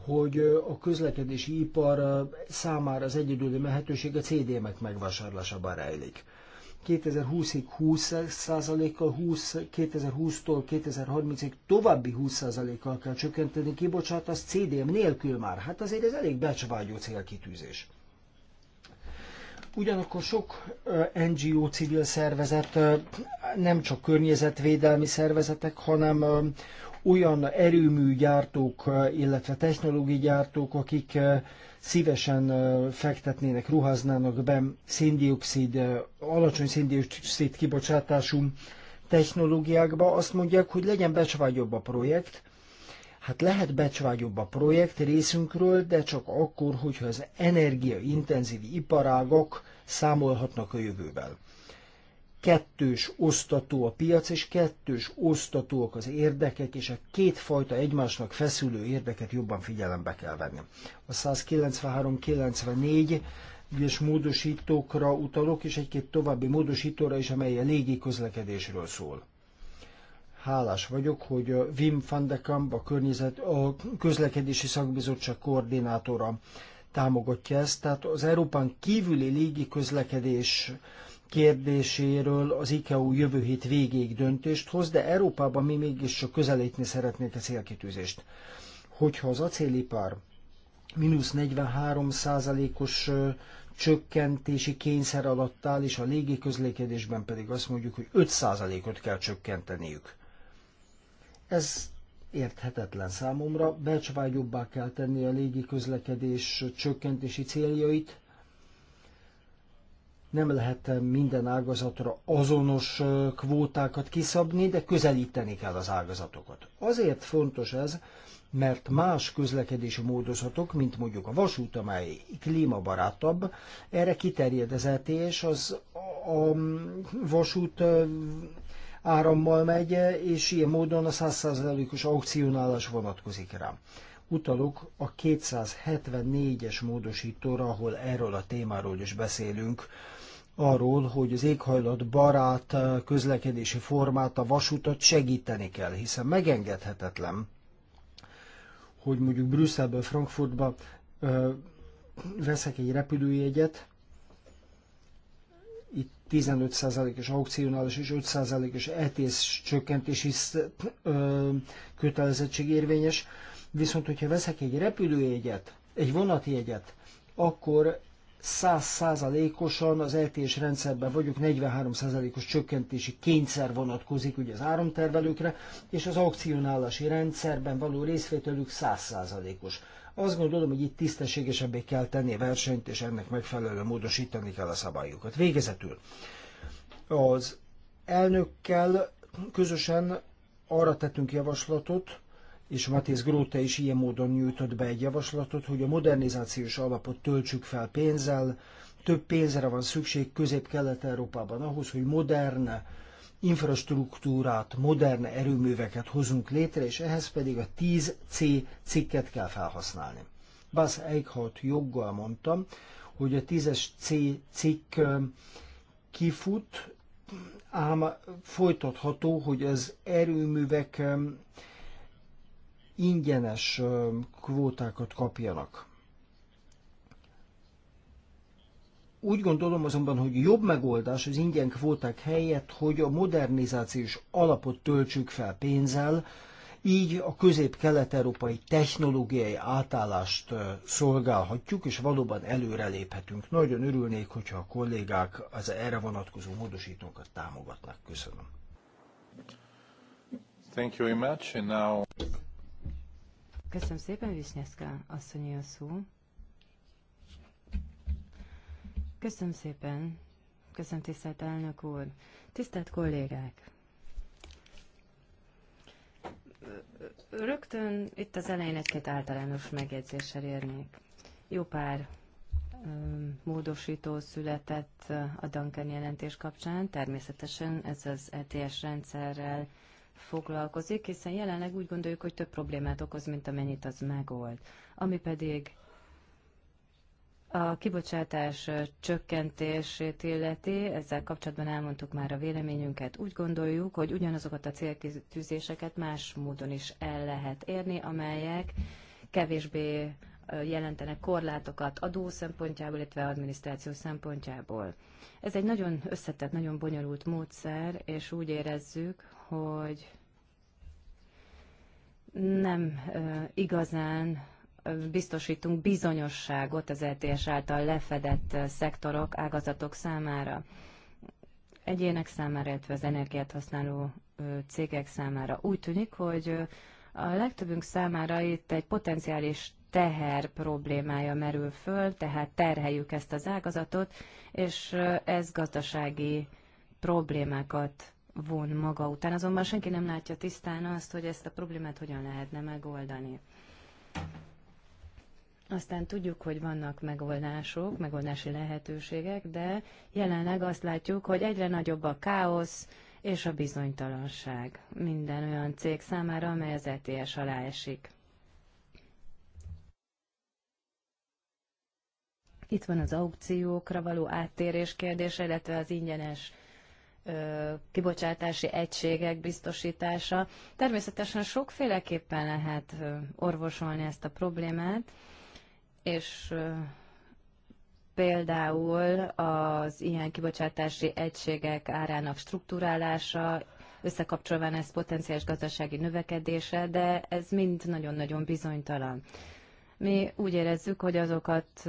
hogy a közlekedési ipar számára az egyedüli lehetőség a CDM-ek megvásárlásában rejlik. 2020-ig 20%-kal, 20, 2020-tól 2030-ig további 20%-kal kell csökkenteni az CDM nélkül már. Hát azért ez elég becsvágyó célkitűzés. Ugyanakkor sok NGO civil szervezet, nem csak környezetvédelmi szervezetek, hanem olyan erőműgyártók, illetve technológiai gyártók, akik szívesen fektetnének, ruháznának be széndiokszid, alacsony széndiokszid kibocsátású technológiákba, azt mondják, hogy legyen becsvágyobb a projekt. Hát lehet becsvágyobb a projekt részünkről, de csak akkor, hogyha az energiaintenzív iparágok számolhatnak a jövővel kettős osztató a piac, és kettős osztatóak az érdekek, és a kétfajta egymásnak feszülő érdeket jobban figyelembe kell venni. A 193-94 egyes módosítókra utalok, és egy-két további módosítóra is, amely a légi közlekedésről szól. Hálás vagyok, hogy Wim van de Kamp, a, környezet, a közlekedési szakbizottság koordinátora támogatja ezt. Tehát az Európán kívüli légi közlekedés kérdéséről az ICAO jövő hét végéig döntést hoz, de Európában mi mégiscsak közelítni szeretnék a célkitűzést. Hogyha az acélipar mínusz 43 százalékos csökkentési kényszer alatt áll, és a légiközlekedésben pedig azt mondjuk, hogy 5 százalékot kell csökkenteniük. Ez érthetetlen számomra, becsvágyobbá kell tenni a légiközlekedés csökkentési céljait, nem lehet minden ágazatra azonos kvótákat kiszabni, de közelíteni kell az ágazatokat. Azért fontos ez, mert más közlekedési módozatok, mint mondjuk a vasút, amely klímabarátabb, erre kiterjed az és e az a vasút árammal megy, és ilyen módon a 100%-os aukcionálás vonatkozik rá. Utalok a 274-es módosítóra, ahol erről a témáról is beszélünk, arról, hogy az éghajlat barát eh, közlekedési formát, a vasutat segíteni kell, hiszen megengedhetetlen, hogy mondjuk Brüsszelből Frankfurtba ö, eh, veszek egy repülőjegyet, itt 15%-os aukcionális és 5%-os ETS csökkentési eh, kötelezettség érvényes, viszont hogyha veszek egy repülőjegyet, egy vonatjegyet, akkor százszázalékosan az LTS e rendszerben vagyok, 43%-os csökkentési kényszer vonatkozik ugye az áramtervelőkre, és az aukcionálási rendszerben való részvételük 100%-os. Azt gondolom, hogy itt tisztességesebbé kell tenni a versenyt, és ennek megfelelően módosítani kell a szabályokat. Végezetül az elnökkel közösen arra tettünk javaslatot, és Matész Gróta is ilyen módon nyújtott be egy javaslatot, hogy a modernizációs alapot töltsük fel pénzzel, több pénzre van szükség Közép-Kelet-Európában ahhoz, hogy modern infrastruktúrát, modern erőműveket hozunk létre, és ehhez pedig a 10C cikket kell felhasználni. Bas Eichhardt joggal mondtam, hogy a 10-es C cikk kifut, ám folytatható, hogy az erőművek ingyenes kvótákat kapjanak. Úgy gondolom azonban, hogy jobb megoldás az ingyen kvóták helyett, hogy a modernizációs alapot töltsük fel pénzzel, így a közép-kelet-európai technológiai átállást szolgálhatjuk, és valóban előreléphetünk. Nagyon örülnék, hogyha a kollégák az erre vonatkozó módosítókat támogatnak. Köszönöm. Thank you very much. And now... Köszönöm szépen, Visnyeszka asszonyi a szó. Köszönöm szépen. Köszönöm, tisztelt elnök úr. Tisztelt kollégák! Rögtön itt az elején egy-két általános megjegyzéssel érnék. Jó pár módosító született a Duncan jelentés kapcsán. Természetesen ez az ETS rendszerrel foglalkozik, hiszen jelenleg úgy gondoljuk, hogy több problémát okoz, mint amennyit az megold. Ami pedig a kibocsátás csökkentését illeti, ezzel kapcsolatban elmondtuk már a véleményünket. Úgy gondoljuk, hogy ugyanazokat a célkitűzéseket más módon is el lehet érni, amelyek kevésbé jelentenek korlátokat adó szempontjából, illetve adminisztráció szempontjából. Ez egy nagyon összetett, nagyon bonyolult módszer, és úgy érezzük, hogy nem igazán biztosítunk bizonyosságot az LTS e által lefedett szektorok, ágazatok számára, egyének számára, illetve az energiát használó cégek számára. Úgy tűnik, hogy a legtöbbünk számára itt egy potenciális teher problémája merül föl, tehát terheljük ezt az ágazatot, és ez gazdasági problémákat von maga után. Azonban senki nem látja tisztán azt, hogy ezt a problémát hogyan lehetne megoldani. Aztán tudjuk, hogy vannak megoldások, megoldási lehetőségek, de jelenleg azt látjuk, hogy egyre nagyobb a káosz és a bizonytalanság minden olyan cég számára, amely az ETS alá esik. Itt van az aukciókra való áttérés kérdése, illetve az ingyenes kibocsátási egységek biztosítása. Természetesen sokféleképpen lehet orvosolni ezt a problémát, és például az ilyen kibocsátási egységek árának struktúrálása, összekapcsolván ez potenciális gazdasági növekedése, de ez mind nagyon-nagyon bizonytalan. Mi úgy érezzük, hogy azokat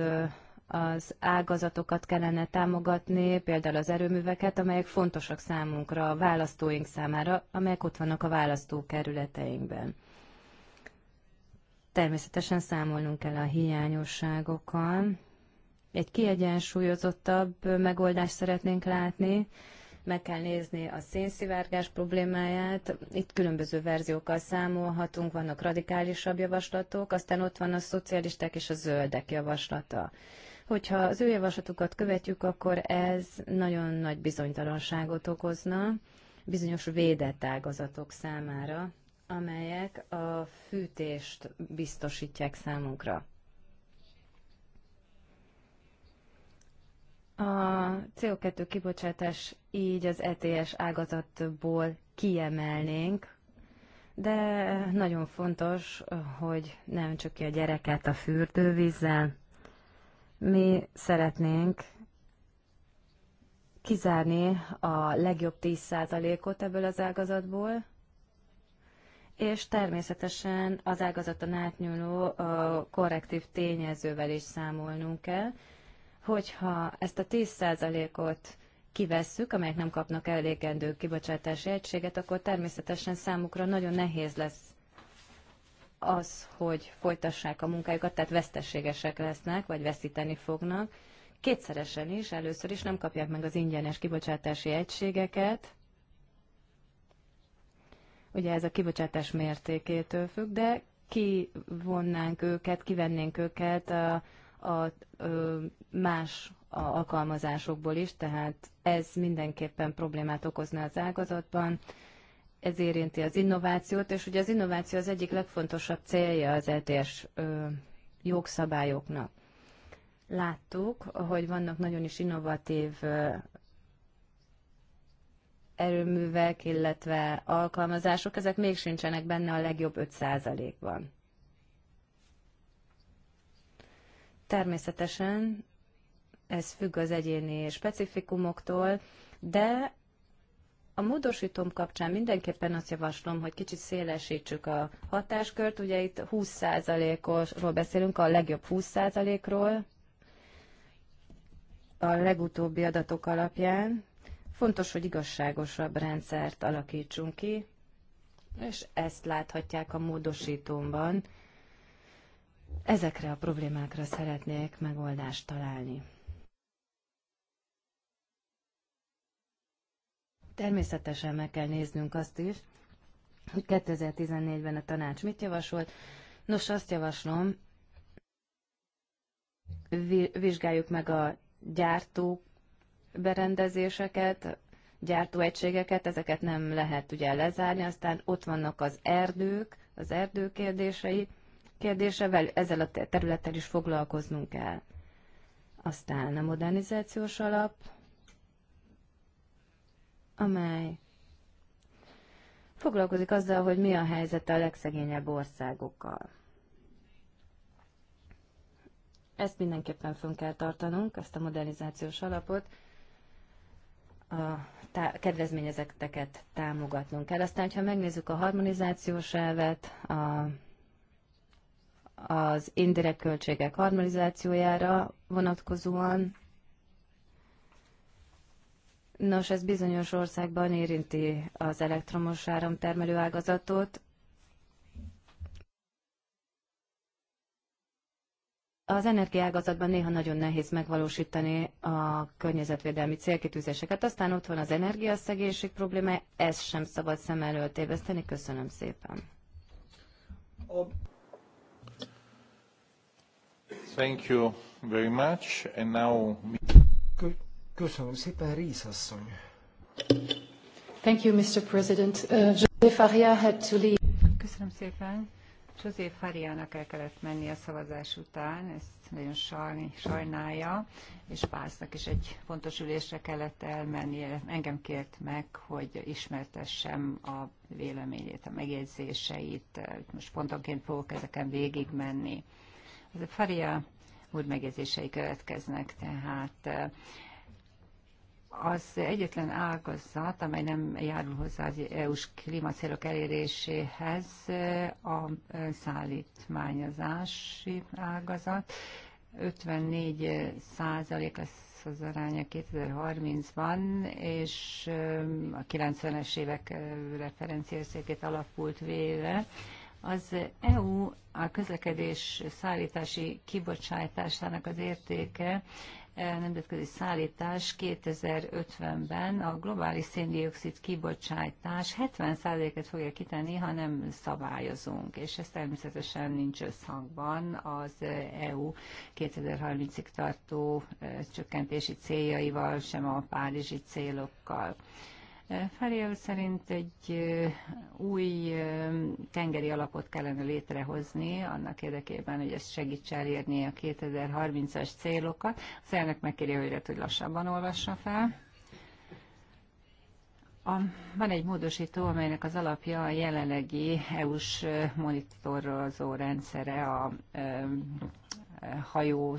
az ágazatokat kellene támogatni, például az erőműveket, amelyek fontosak számunkra, a választóink számára, amelyek ott vannak a választókerületeinkben. Természetesen számolnunk kell a hiányosságokkal. Egy kiegyensúlyozottabb megoldást szeretnénk látni, meg kell nézni a szénszivárgás problémáját. Itt különböző verziókkal számolhatunk, vannak radikálisabb javaslatok, aztán ott van a szocialisták és a zöldek javaslata. Hogyha az ő javaslatukat követjük, akkor ez nagyon nagy bizonytalanságot okozna bizonyos védett ágazatok számára, amelyek a fűtést biztosítják számunkra. A CO2 kibocsátás így az ETS ágazatból kiemelnénk, de nagyon fontos, hogy nem csak ki a gyereket a fürdővízzel, mi szeretnénk kizárni a legjobb 10%-ot ebből az ágazatból, és természetesen az ágazaton átnyúló a korrektív tényezővel is számolnunk kell, hogyha ezt a 10%-ot kivesszük, amelyek nem kapnak elégendő kibocsátási egységet, akkor természetesen számukra nagyon nehéz lesz az, hogy folytassák a munkájukat, tehát veszteségesek lesznek, vagy veszíteni fognak. Kétszeresen is, először is nem kapják meg az ingyenes kibocsátási egységeket. Ugye ez a kibocsátás mértékétől függ, de kivonnánk őket, kivennénk őket a, a, a más a alkalmazásokból is, tehát ez mindenképpen problémát okozna az ágazatban ez érinti az innovációt, és ugye az innováció az egyik legfontosabb célja az ETS jogszabályoknak. Láttuk, hogy vannak nagyon is innovatív erőművek, illetve alkalmazások, ezek még sincsenek benne a legjobb 5%-ban. Természetesen ez függ az egyéni specifikumoktól, de a módosítom kapcsán mindenképpen azt javaslom, hogy kicsit szélesítsük a hatáskört. Ugye itt 20%-osról beszélünk, a legjobb 20%-ról a legutóbbi adatok alapján. Fontos, hogy igazságosabb rendszert alakítsunk ki, és ezt láthatják a módosítómban. Ezekre a problémákra szeretnék megoldást találni. Természetesen meg kell néznünk azt is, hogy 2014-ben a tanács mit javasolt. Nos, azt javaslom, vizsgáljuk meg a gyártó berendezéseket, gyártóegységeket, ezeket nem lehet ugye lezárni, aztán ott vannak az erdők, az erdő kérdései, kérdésevel ezzel a területtel is foglalkoznunk kell. Aztán a modernizációs alap, amely foglalkozik azzal, hogy mi a helyzet a legszegényebb országokkal. Ezt mindenképpen fönn kell tartanunk, ezt a modernizációs alapot, a tá- kedvezményezetteket támogatnunk kell. Aztán, ha megnézzük a harmonizációs elvet, a, az indirekt költségek harmonizációjára vonatkozóan, Nos, ez bizonyos országban érinti az elektromos áramtermelő ágazatot. Az energiágazatban néha nagyon nehéz megvalósítani a környezetvédelmi célkitűzéseket. Aztán ott van az energiaszegénység probléma, ezt sem szabad szem elől téveszteni. Köszönöm szépen. Thank you very much. And now... Köszönöm szépen, Rész asszony. Thank you, Mr. President. Uh, José Faria had to leave. Köszönöm szépen. José Fariának el kellett menni a szavazás után, ezt nagyon sajni, sajnálja, és Pásznak is egy fontos ülésre kellett elmennie. Engem kért meg, hogy ismertessem a véleményét, a megjegyzéseit, most pontonként fogok ezeken végigmenni. Az a Faria úr megjegyzései következnek, tehát az egyetlen ágazat, amely nem járul hozzá az EU-s klímacélok eléréséhez, a szállítmányozási ágazat. 54 százalék lesz az aránya 2030-ban, és a 90-es évek referenciérszékét alapult véve az EU a közlekedés szállítási kibocsátásának az értéke nemzetközi szállítás 2050-ben a globális széndiokszid kibocsátás 70%-et fogja kitenni, ha nem szabályozunk, és ez természetesen nincs összhangban az EU 2030-ig tartó eh, csökkentési céljaival, sem a párizsi célokkal. Fáriel szerint egy új tengeri alapot kellene létrehozni, annak érdekében, hogy ez segítse elérni a 2030-as célokat. Az elnök megkérje, hogy lehet, hogy lassabban olvassa fel. A, van egy módosító, amelynek az alapja a jelenlegi EU-s monitorozó rendszere a, a hajó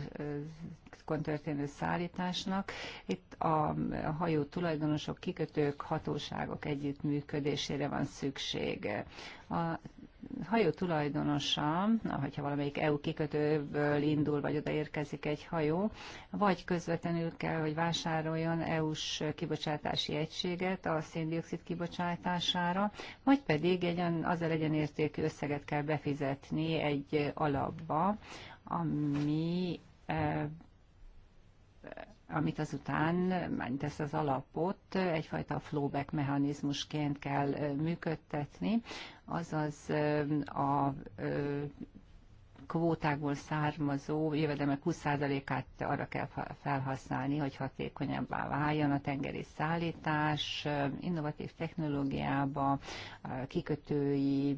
hajókon történő szállításnak. Itt a hajó tulajdonosok, kikötők, hatóságok együttműködésére van szükség. A hajó tulajdonosa, hogyha valamelyik EU kikötőből indul, vagy odaérkezik egy hajó, vagy közvetlenül kell, hogy vásároljon EU-s kibocsátási egységet a széndiokszid kibocsátására, vagy pedig egy, azzal legyen értékű összeget kell befizetni egy alapba, ami eh, amit azután, mint ezt az alapot egyfajta flowback mechanizmusként kell működtetni, azaz a kvótákból származó jövedelmek 20%-át arra kell felhasználni, hogy hatékonyabbá váljon a tengeri szállítás, innovatív technológiába, kikötői,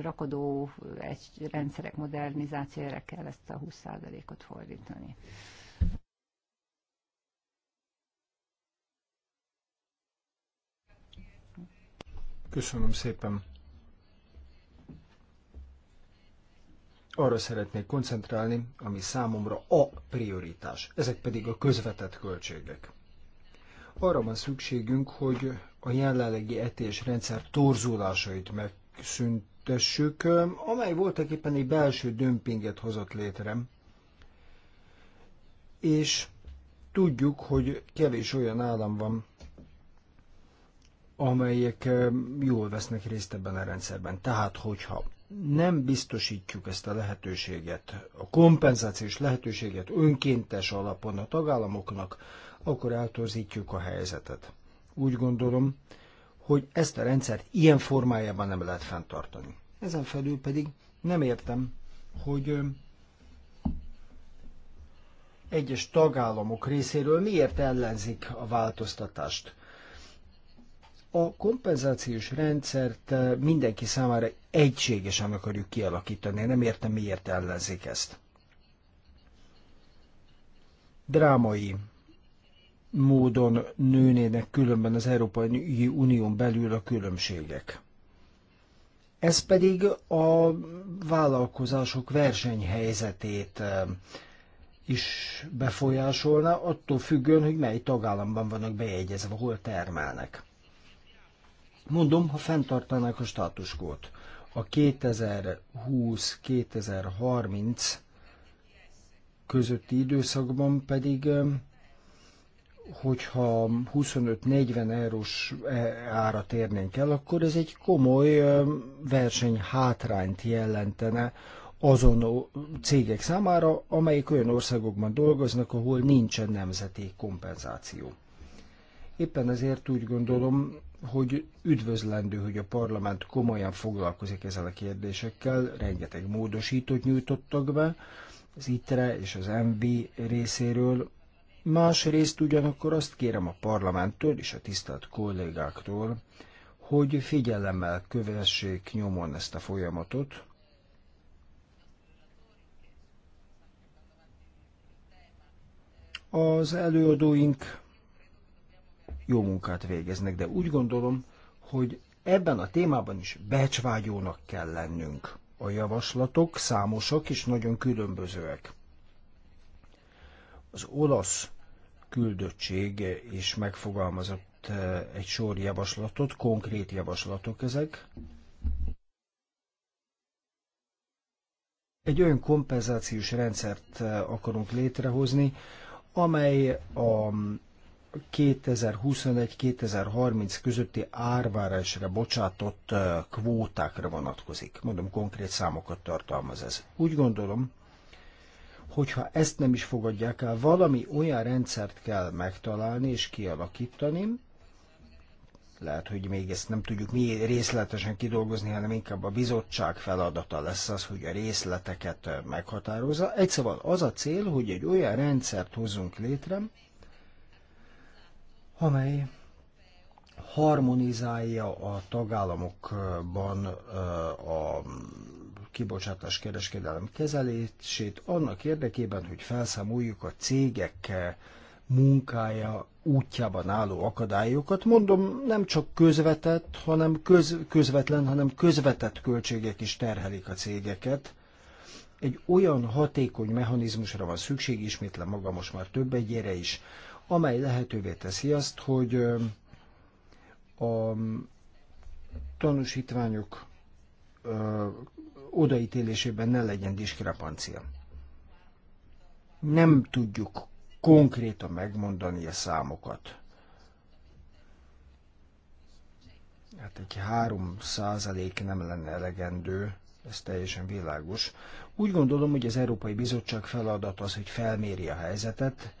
rakodó egy rendszerek modernizációjára kell ezt a 20%-ot fordítani. Köszönöm szépen. Arra szeretnék koncentrálni, ami számomra a prioritás, ezek pedig a közvetett költségek. Arra van szükségünk, hogy a jelenlegi etés rendszer torzulásait megszüntessük, amely voltak éppen egy belső dömpinget hozott létre. És tudjuk, hogy kevés olyan állam van, amelyek eh, jól vesznek részt ebben a rendszerben. Tehát, hogyha nem biztosítjuk ezt a lehetőséget, a kompenzációs lehetőséget önkéntes alapon a tagállamoknak, akkor eltorzítjuk a helyzetet. Úgy gondolom, hogy ezt a rendszert ilyen formájában nem lehet fenntartani. Ezen felül pedig nem értem, hogy eh, egyes tagállamok részéről miért ellenzik a változtatást. A kompenzációs rendszert eh, mindenki számára egységesen akarjuk kialakítani. Nem értem, miért ellenzik ezt. Drámai módon nőnének különben az Európai Unión belül a különbségek. Ez pedig a vállalkozások versenyhelyzetét eh, is befolyásolna, attól függően, hogy mely tagállamban vannak bejegyezve, hol termelnek. Mondom, ha fenntartanák a státuskót. A 2020-2030 közötti időszakban pedig hogyha 25-40 eurós e, árat érnénk el, akkor ez egy komoly verseny hátrányt jelentene azon cégek számára, amelyik olyan országokban dolgoznak, ahol nincsen nemzeti kompenzáció. Éppen ezért úgy gondolom, hogy üdvözlendő, hogy a parlament komolyan foglalkozik ezzel a kérdésekkel, rengeteg módosítót nyújtottak be, az ITRE és az MB részéről. Másrészt ugyanakkor azt kérem a parlamenttől és a tisztelt kollégáktól, hogy figyelemmel kövessék nyomon ezt a folyamatot, az előadóink jó munkát végeznek, de úgy gondolom, hogy ebben a témában is becsvágyónak kell lennünk. A javaslatok számosak és nagyon különbözőek. Az olasz küldöttség is megfogalmazott eh, egy sor javaslatot, konkrét javaslatok ezek. Egy olyan kompenzációs rendszert eh, akarunk létrehozni, amely a 2021-2030 közötti árvárásra bocsátott kvótákra vonatkozik. Mondom, konkrét számokat tartalmaz ez. Úgy gondolom, hogyha ezt nem is fogadják el, valami olyan rendszert kell megtalálni és kialakítani, lehet, hogy még ezt nem tudjuk mi részletesen kidolgozni, hanem inkább a bizottság feladata lesz az, hogy a részleteket meghatározza. Egy szóval az a cél, hogy egy olyan rendszert hozzunk létre, amely harmonizálja a tagállamokban a kibocsátás kereskedelem kezelését annak érdekében, hogy felszámoljuk a cégek munkája útjában álló akadályokat. Mondom, nem csak közvetett, hanem köz, közvetlen, hanem közvetett költségek is terhelik a cégeket. Egy olyan hatékony mechanizmusra van szükség, ismétlen magam most már több egyére is, amely lehetővé teszi azt, hogy a tanúsítványok odaítélésében ne legyen diskrepancia. Nem tudjuk konkrétan megmondani a számokat. Hát egy 3 százalék nem lenne elegendő, ez teljesen világos. Úgy gondolom, hogy az Európai Bizottság feladat az, hogy felméri a helyzetet,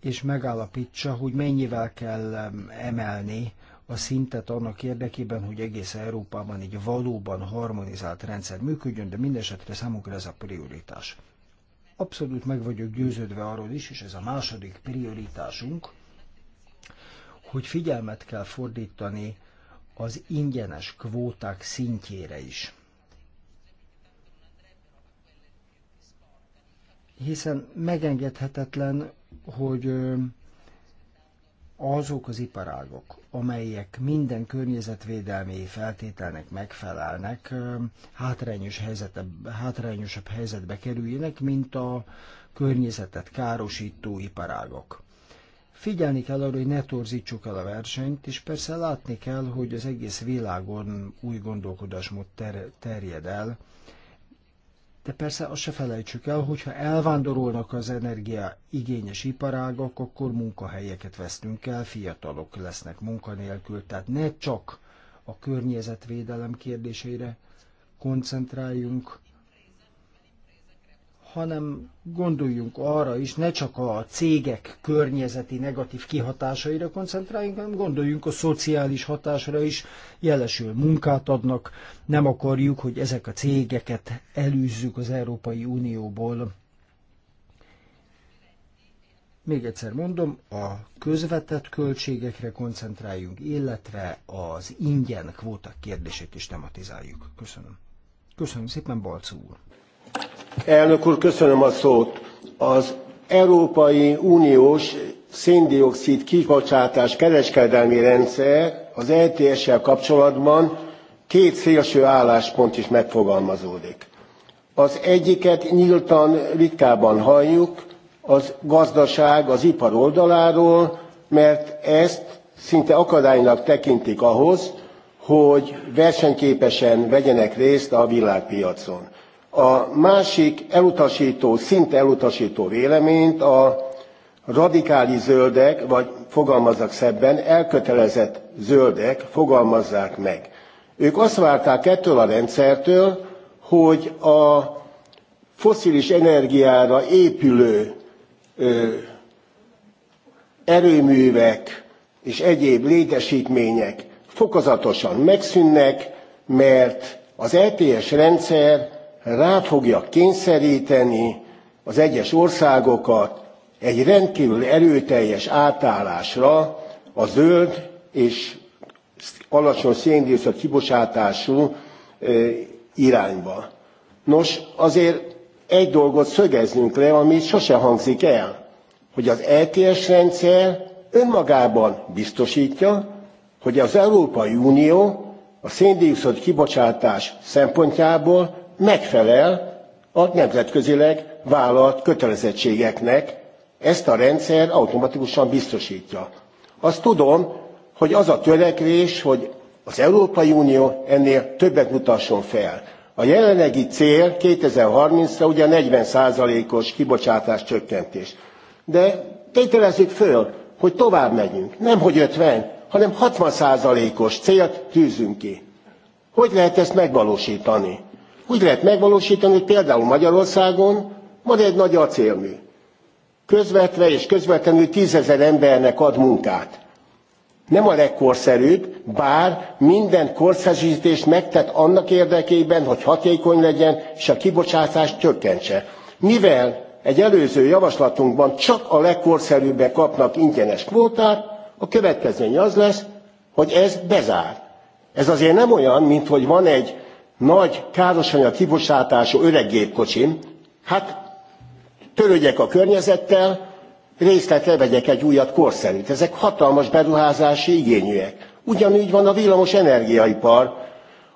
és megállapítsa, hogy mennyivel kell emelni a szintet annak érdekében, hogy egész Európában egy valóban harmonizált rendszer működjön, de mindesetre számunkra ez a prioritás. Abszolút meg vagyok győződve arról is, és ez a második prioritásunk, hogy figyelmet kell fordítani az ingyenes kvóták szintjére is. Hiszen megengedhetetlen, hogy azok az iparágok, amelyek minden környezetvédelmi feltételnek megfelelnek, hátrányos helyzete, hátrányosabb helyzetbe kerüljenek, mint a környezetet károsító iparágok. Figyelni kell arra, hogy ne torzítsuk el a versenyt, és persze látni kell, hogy az egész világon új gondolkodásmód ter- terjed el, de persze azt se felejtsük el, hogyha elvándorolnak az energia igényes iparágak, akkor munkahelyeket vesztünk el, fiatalok lesznek munkanélkül, tehát ne csak a környezetvédelem kérdéseire koncentráljunk, hanem gondoljunk arra is, ne csak a cégek környezeti negatív kihatásaira koncentráljunk, hanem gondoljunk a szociális hatásra is, jelesül munkát adnak, nem akarjuk, hogy ezek a cégeket elűzzük az Európai Unióból. Még egyszer mondom, a közvetett költségekre koncentráljunk, illetve az ingyen kvóta kérdését is tematizáljuk. Köszönöm. Köszönöm szépen, Balcú úr. Elnök úr, köszönöm a szót. Az Európai Uniós szén-dioxid kibocsátás kereskedelmi rendszer az ETS-sel kapcsolatban két szélső álláspont is megfogalmazódik. Az egyiket nyíltan ritkábban halljuk, az gazdaság az ipar oldaláról, mert ezt szinte akadálynak tekintik ahhoz, hogy versenyképesen vegyenek részt a világpiacon a másik elutasító, szinte elutasító véleményt a radikális zöldek, vagy fogalmazzak szebben, elkötelezett zöldek fogalmazzák meg. Ők azt várták ettől a rendszertől, hogy a foszilis energiára épülő ö, erőművek és egyéb létesítmények fokozatosan megszűnnek, mert az LTS e rendszer rá fogja kényszeríteni az egyes országokat egy rendkívül erőteljes átállásra a zöld és alacsony széndiokszid kibocsátású irányba. Nos, azért egy dolgot szögeznünk le, ami sose hangzik el, hogy az ETS rendszer önmagában biztosítja, hogy az Európai Unió a széndiokszid kibocsátás szempontjából megfelel a nemzetközileg vállalt kötelezettségeknek. Ezt a rendszer automatikusan biztosítja. Azt tudom, hogy az a törekvés, hogy az Európai Unió ennél többet mutasson fel. A jelenlegi cél 2030-ra ugye 40%-os kibocsátás csökkentés. De tételezzük föl, hogy tovább megyünk. Nem hogy 50, hanem 60%-os célt tűzünk ki. Hogy lehet ezt megvalósítani? Úgy lehet megvalósítani, hogy például Magyarországon van egy nagy acélmű. Közvetve és közvetlenül tízezer embernek ad munkát. Nem a legkorszerűbb, bár minden korszerűsítést megtett annak érdekében, hogy hatékony legyen, és a kibocsátást csökkentse. Mivel egy előző javaslatunkban csak a legkorszerűbbek kapnak ingyenes kvótát, a következmény az lesz, hogy ez bezár. Ez azért nem olyan, mint hogy van egy nagy károsanyag kibocsátású öreg gépkocsim, hát törődjek a környezettel, részletre vegyek egy újat korszerűt. Ezek hatalmas beruházási igényűek. Ugyanígy van a villamos energiaipar.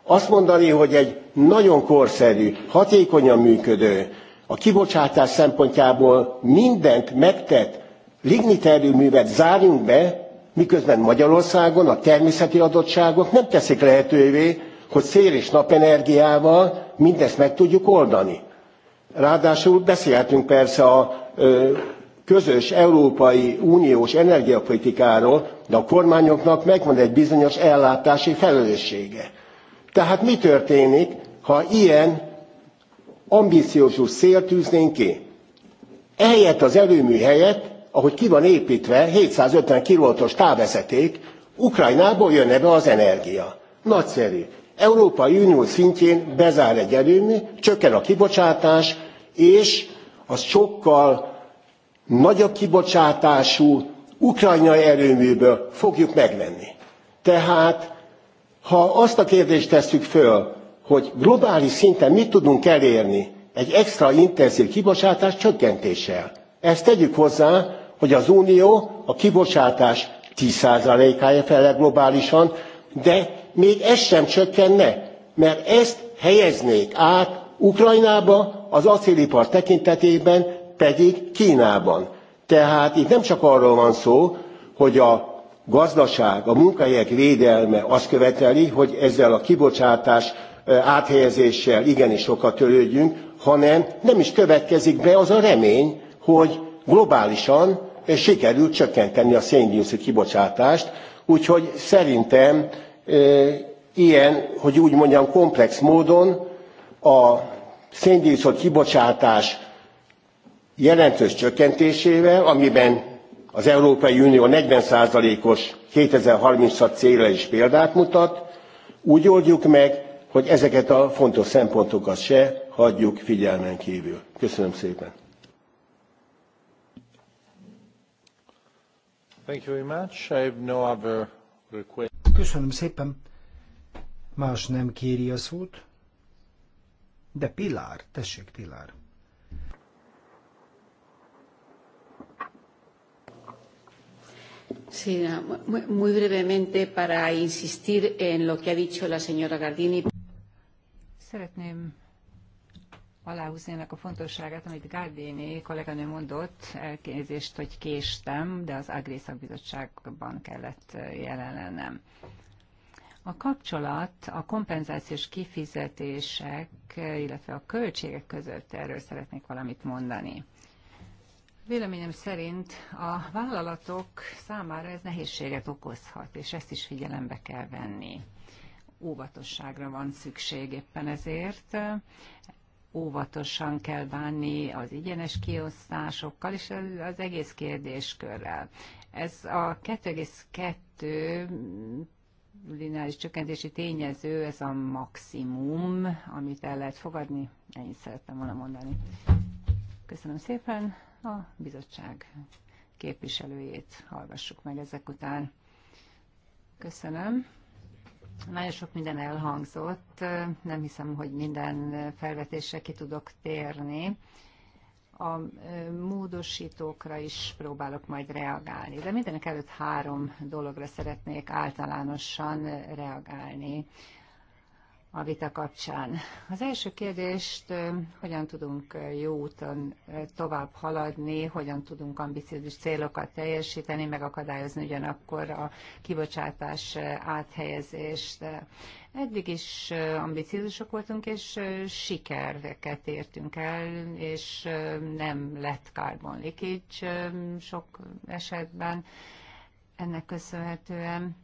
Azt mondani, hogy egy nagyon korszerű, hatékonyan működő, a kibocsátás szempontjából mindent megtett művet zárjunk be, miközben Magyarországon a természeti adottságok nem teszik lehetővé, hogy szél és napenergiával mindezt meg tudjuk oldani. Ráadásul beszélhetünk persze a ö, közös európai uniós energiapolitikáról, de a kormányoknak megvan egy bizonyos ellátási felelőssége. Tehát mi történik, ha ilyen ambíciósus szél tűznénk ki? Ehelyett az előmű helyett, ahogy ki van építve, 750 kilovatos távezeték, Ukrajnából jönne be az energia. Nagyszerű. Európai Unió szintjén bezár egy erőmű, csökken a kibocsátás, és az sokkal nagyobb kibocsátású ukrajnai erőműből fogjuk megvenni. Tehát, ha azt a kérdést tesszük föl, hogy globális szinten mit tudunk elérni egy extra intenzív kibocsátás csökkentéssel. Ezt tegyük hozzá, hogy az Unió a kibocsátás 10%-ája fele globálisan, de még ez sem csökkenne mert ezt helyeznék át ukrajnába az acélipar tekintetében pedig knában. tehát itt nem csak arról van szó hogy a gazdaság a munkahelyek védelme azt követeli hogy ezzel a kibocsátás áthelyezéssel igenis sokat törődjünk hanem nem is következik be az a remény hogy globálisan sikerül csökkenteni a szén dioxid kibocsátást úgyhogy szerintem ilyen, hogy úgy mondjam, komplex módon a széndiokszid kibocsátás jelentős csökkentésével, amiben az Európai Unió 40%-os 2030-as célra is példát mutat, úgy oldjuk meg, hogy ezeket a fontos szempontokat se hagyjuk figyelmen kívül. Köszönöm szépen. Thank you very much. I have no other request. Köszönöm szépen. Más nem kéri a szót. De Pilár, tessék Pilár. Sí, no, muy, muy brevemente para insistir en lo que ha dicho la señora Gardini. Szeretném aláhúzni ennek a fontosságát, amit Gárdéni kolléganő mondott, elnézést, hogy késtem, de az Agri kellett eh, jelen lennem. A kapcsolat a kompenzációs kifizetések, eh, illetve a költségek között erről szeretnék valamit mondani. Véleményem szerint a vállalatok számára ez nehézséget okozhat, és ezt is figyelembe kell venni. Óvatosságra van szükség éppen ezért óvatosan kell bánni az igyenes kiosztásokkal és az egész kérdéskörrel. Ez a 2,2 lineáris csökkentési tényező, ez a maximum, amit el lehet fogadni. Ennyit szerettem volna mondani. Köszönöm szépen a bizottság képviselőjét. Hallgassuk meg ezek után. Köszönöm. Nagyon sok minden elhangzott, nem hiszem, hogy minden felvetésre ki tudok térni. A módosítókra is próbálok majd reagálni, de mindenek előtt három dologra szeretnék általánosan reagálni a vita kapcsán. Az első kérdést, hogyan tudunk jó úton tovább haladni, hogyan tudunk ambiciózus célokat teljesíteni, megakadályozni ugyanakkor a kibocsátás áthelyezést. Eddig is ambiciózusok voltunk, és sikereket értünk el, és nem lett carbon leakage sok esetben ennek köszönhetően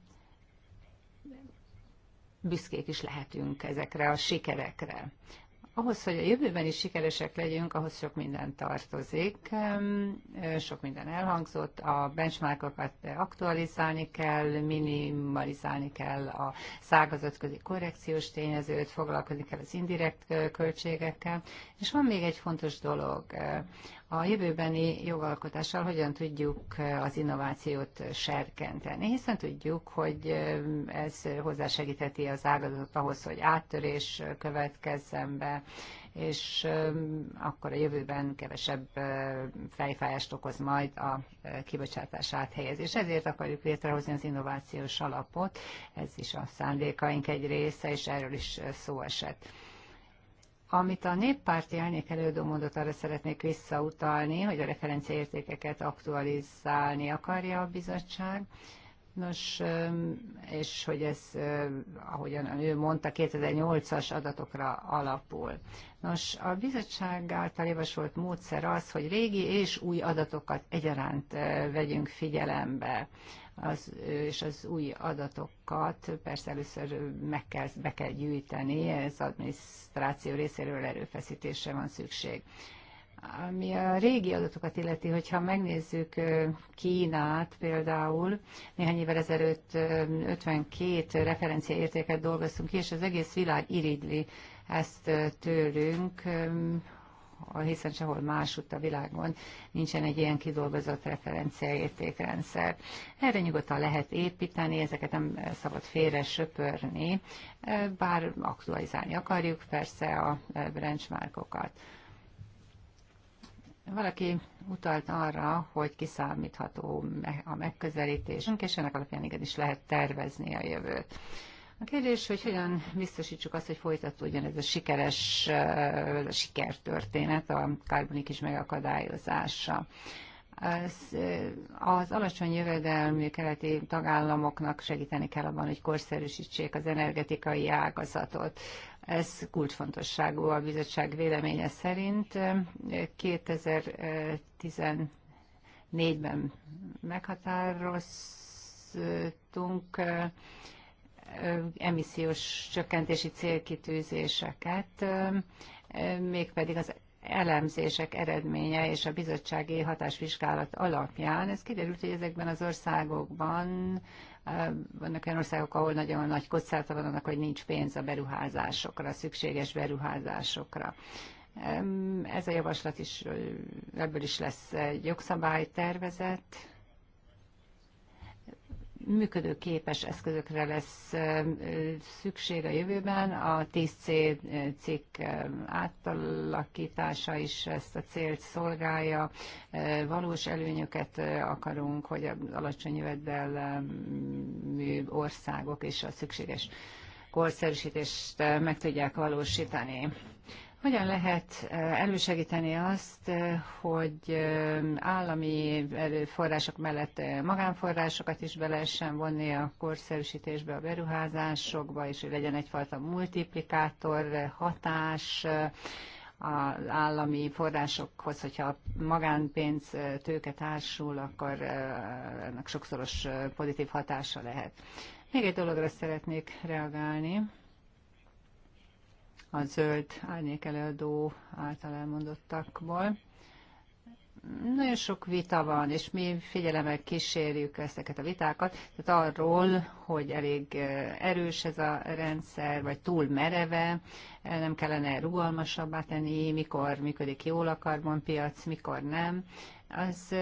büszkék is lehetünk ezekre a sikerekre. Ahhoz, hogy a jövőben is sikeresek legyünk, ahhoz sok minden tartozik, sok minden elhangzott, a benchmarkokat aktualizálni kell, minimalizálni kell a szágazatközi korrekciós tényezőt, foglalkozni kell az indirekt költségekkel, és van még egy fontos dolog. A jövőbeni jogalkotással hogyan tudjuk az innovációt serkenteni, hiszen tudjuk, hogy ez hozzásegítheti az ágazatot ahhoz, hogy áttörés következzen be, és akkor a jövőben kevesebb fejfájást okoz majd a kibocsátás áthelyezés. Ezért akarjuk létrehozni az innovációs alapot, ez is a szándékaink egy része, és erről is szó esett. Amit a néppárti elnék előadó mondott, arra szeretnék visszautalni, hogy a referenciaértékeket aktualizálni akarja a bizottság. Nos, és hogy ez, ahogyan ő mondta, 2008-as adatokra alapul. Nos, a bizottság által javasolt módszer az, hogy régi és új adatokat egyaránt vegyünk figyelembe az, és az új adatokat persze először meg kell, be kell gyűjteni, ez adminisztráció részéről erőfeszítésre van szükség. Ami a régi adatokat illeti, hogyha megnézzük Kínát például, néhány évvel ezelőtt 52 referenciaértéket dolgoztunk ki, és az egész világ iridli ezt tőlünk, hiszen sehol másutt a világon nincsen egy ilyen kidolgozott referenciaértékrendszer. Erre nyugodtan lehet építeni, ezeket nem szabad félre söpörni, e, bár aktualizálni akarjuk persze a e, benchmarkokat. Valaki utalt arra, hogy kiszámítható a megközelítésünk, és ennek alapján igenis lehet tervezni a jövőt. A kérdés, hogy hogyan biztosítsuk azt, hogy folytatódjon ez a sikeres ez a sikertörténet, a kárbonik is megakadályozása. Az, az alacsony jövedelmű keleti tagállamoknak segíteni kell abban, hogy korszerűsítsék az energetikai ágazatot. Ez kulcsfontosságú a bizottság véleménye szerint. 2014-ben meghatároztunk emissziós csökkentési célkitűzéseket, mégpedig az elemzések eredménye és a bizottsági hatásvizsgálat alapján. Ez kiderült, hogy ezekben az országokban vannak olyan országok, ahol nagyon nagy kockázata van annak, hogy nincs pénz a beruházásokra, a szükséges beruházásokra. Ez a javaslat is, ebből is lesz egy jogszabálytervezet, működőképes eszközökre lesz szükség a jövőben. A 10C cikk átalakítása is ezt a célt szolgálja. Valós előnyöket akarunk, hogy alacsony jöveddel országok és a szükséges korszerűsítést meg tudják valósítani. Hogyan lehet elősegíteni azt, hogy állami források mellett magánforrásokat is be lehessen vonni a korszerűsítésbe, a beruházásokba, és hogy legyen egyfajta multiplikátor hatás az állami forrásokhoz, hogyha magánpénz tőke társul, akkor ennek sokszoros pozitív hatása lehet. Még egy dologra szeretnék reagálni a zöld árnyék előadó által elmondottakból. Nagyon sok vita van, és mi figyelemmel kísérjük ezeket a vitákat, tehát arról, hogy elég eh, erős ez a rendszer, vagy túl mereve, eh, nem kellene rugalmasabbá tenni, mikor működik jól a karbonpiac, mikor nem. Az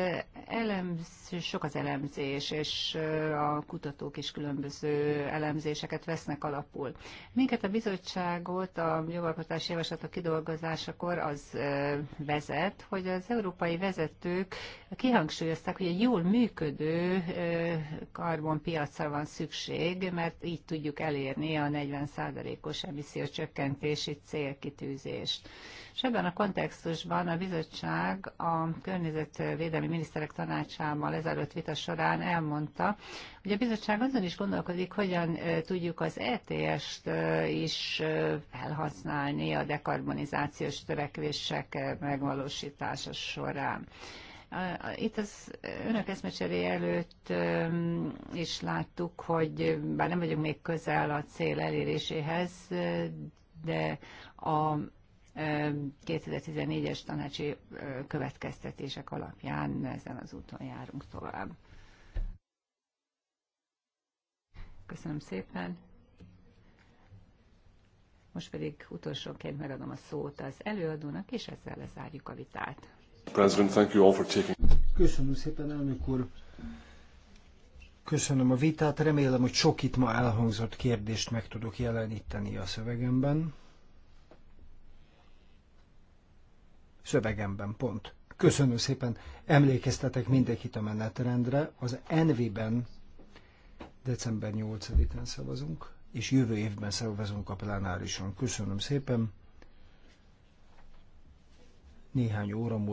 elemz, sok az elemzés, és a kutatók is különböző elemzéseket vesznek alapul. Minket a bizottságot a jogalkotási javaslatok kidolgozásakor az vezet, hogy az európai vezetők kihangsúlyozták, hogy egy jól működő karbonpiacra van szükség, mert így tudjuk elérni a 40%-os emissziós csökkentési célkitűzést. És ebben a kontextusban a bizottság a környezetvédelmi miniszterek tanácsával ezelőtt vita során elmondta, hogy a bizottság azon is gondolkodik, hogyan tudjuk az ETS-t is felhasználni a dekarbonizációs törekvések megvalósítása során. Itt az önök eszmecseré előtt is láttuk, hogy bár nem vagyunk még közel a cél eléréséhez, de a 2014-es tanácsi következtetések alapján ezen az úton járunk tovább. Köszönöm szépen. Most pedig utolsóként megadom a szót az előadónak, és ezzel lezárjuk a vitát. Köszönöm szépen, elnök úr. Köszönöm a vitát, remélem, hogy sok itt ma elhangzott kérdést meg tudok jeleníteni a szövegemben. szövegemben pont. Köszönöm szépen, emlékeztetek mindenkit a menetrendre, az NV-ben december 8-án szavazunk, és jövő évben szavazunk a plenárison. Köszönöm szépen. Néhány óra múlva.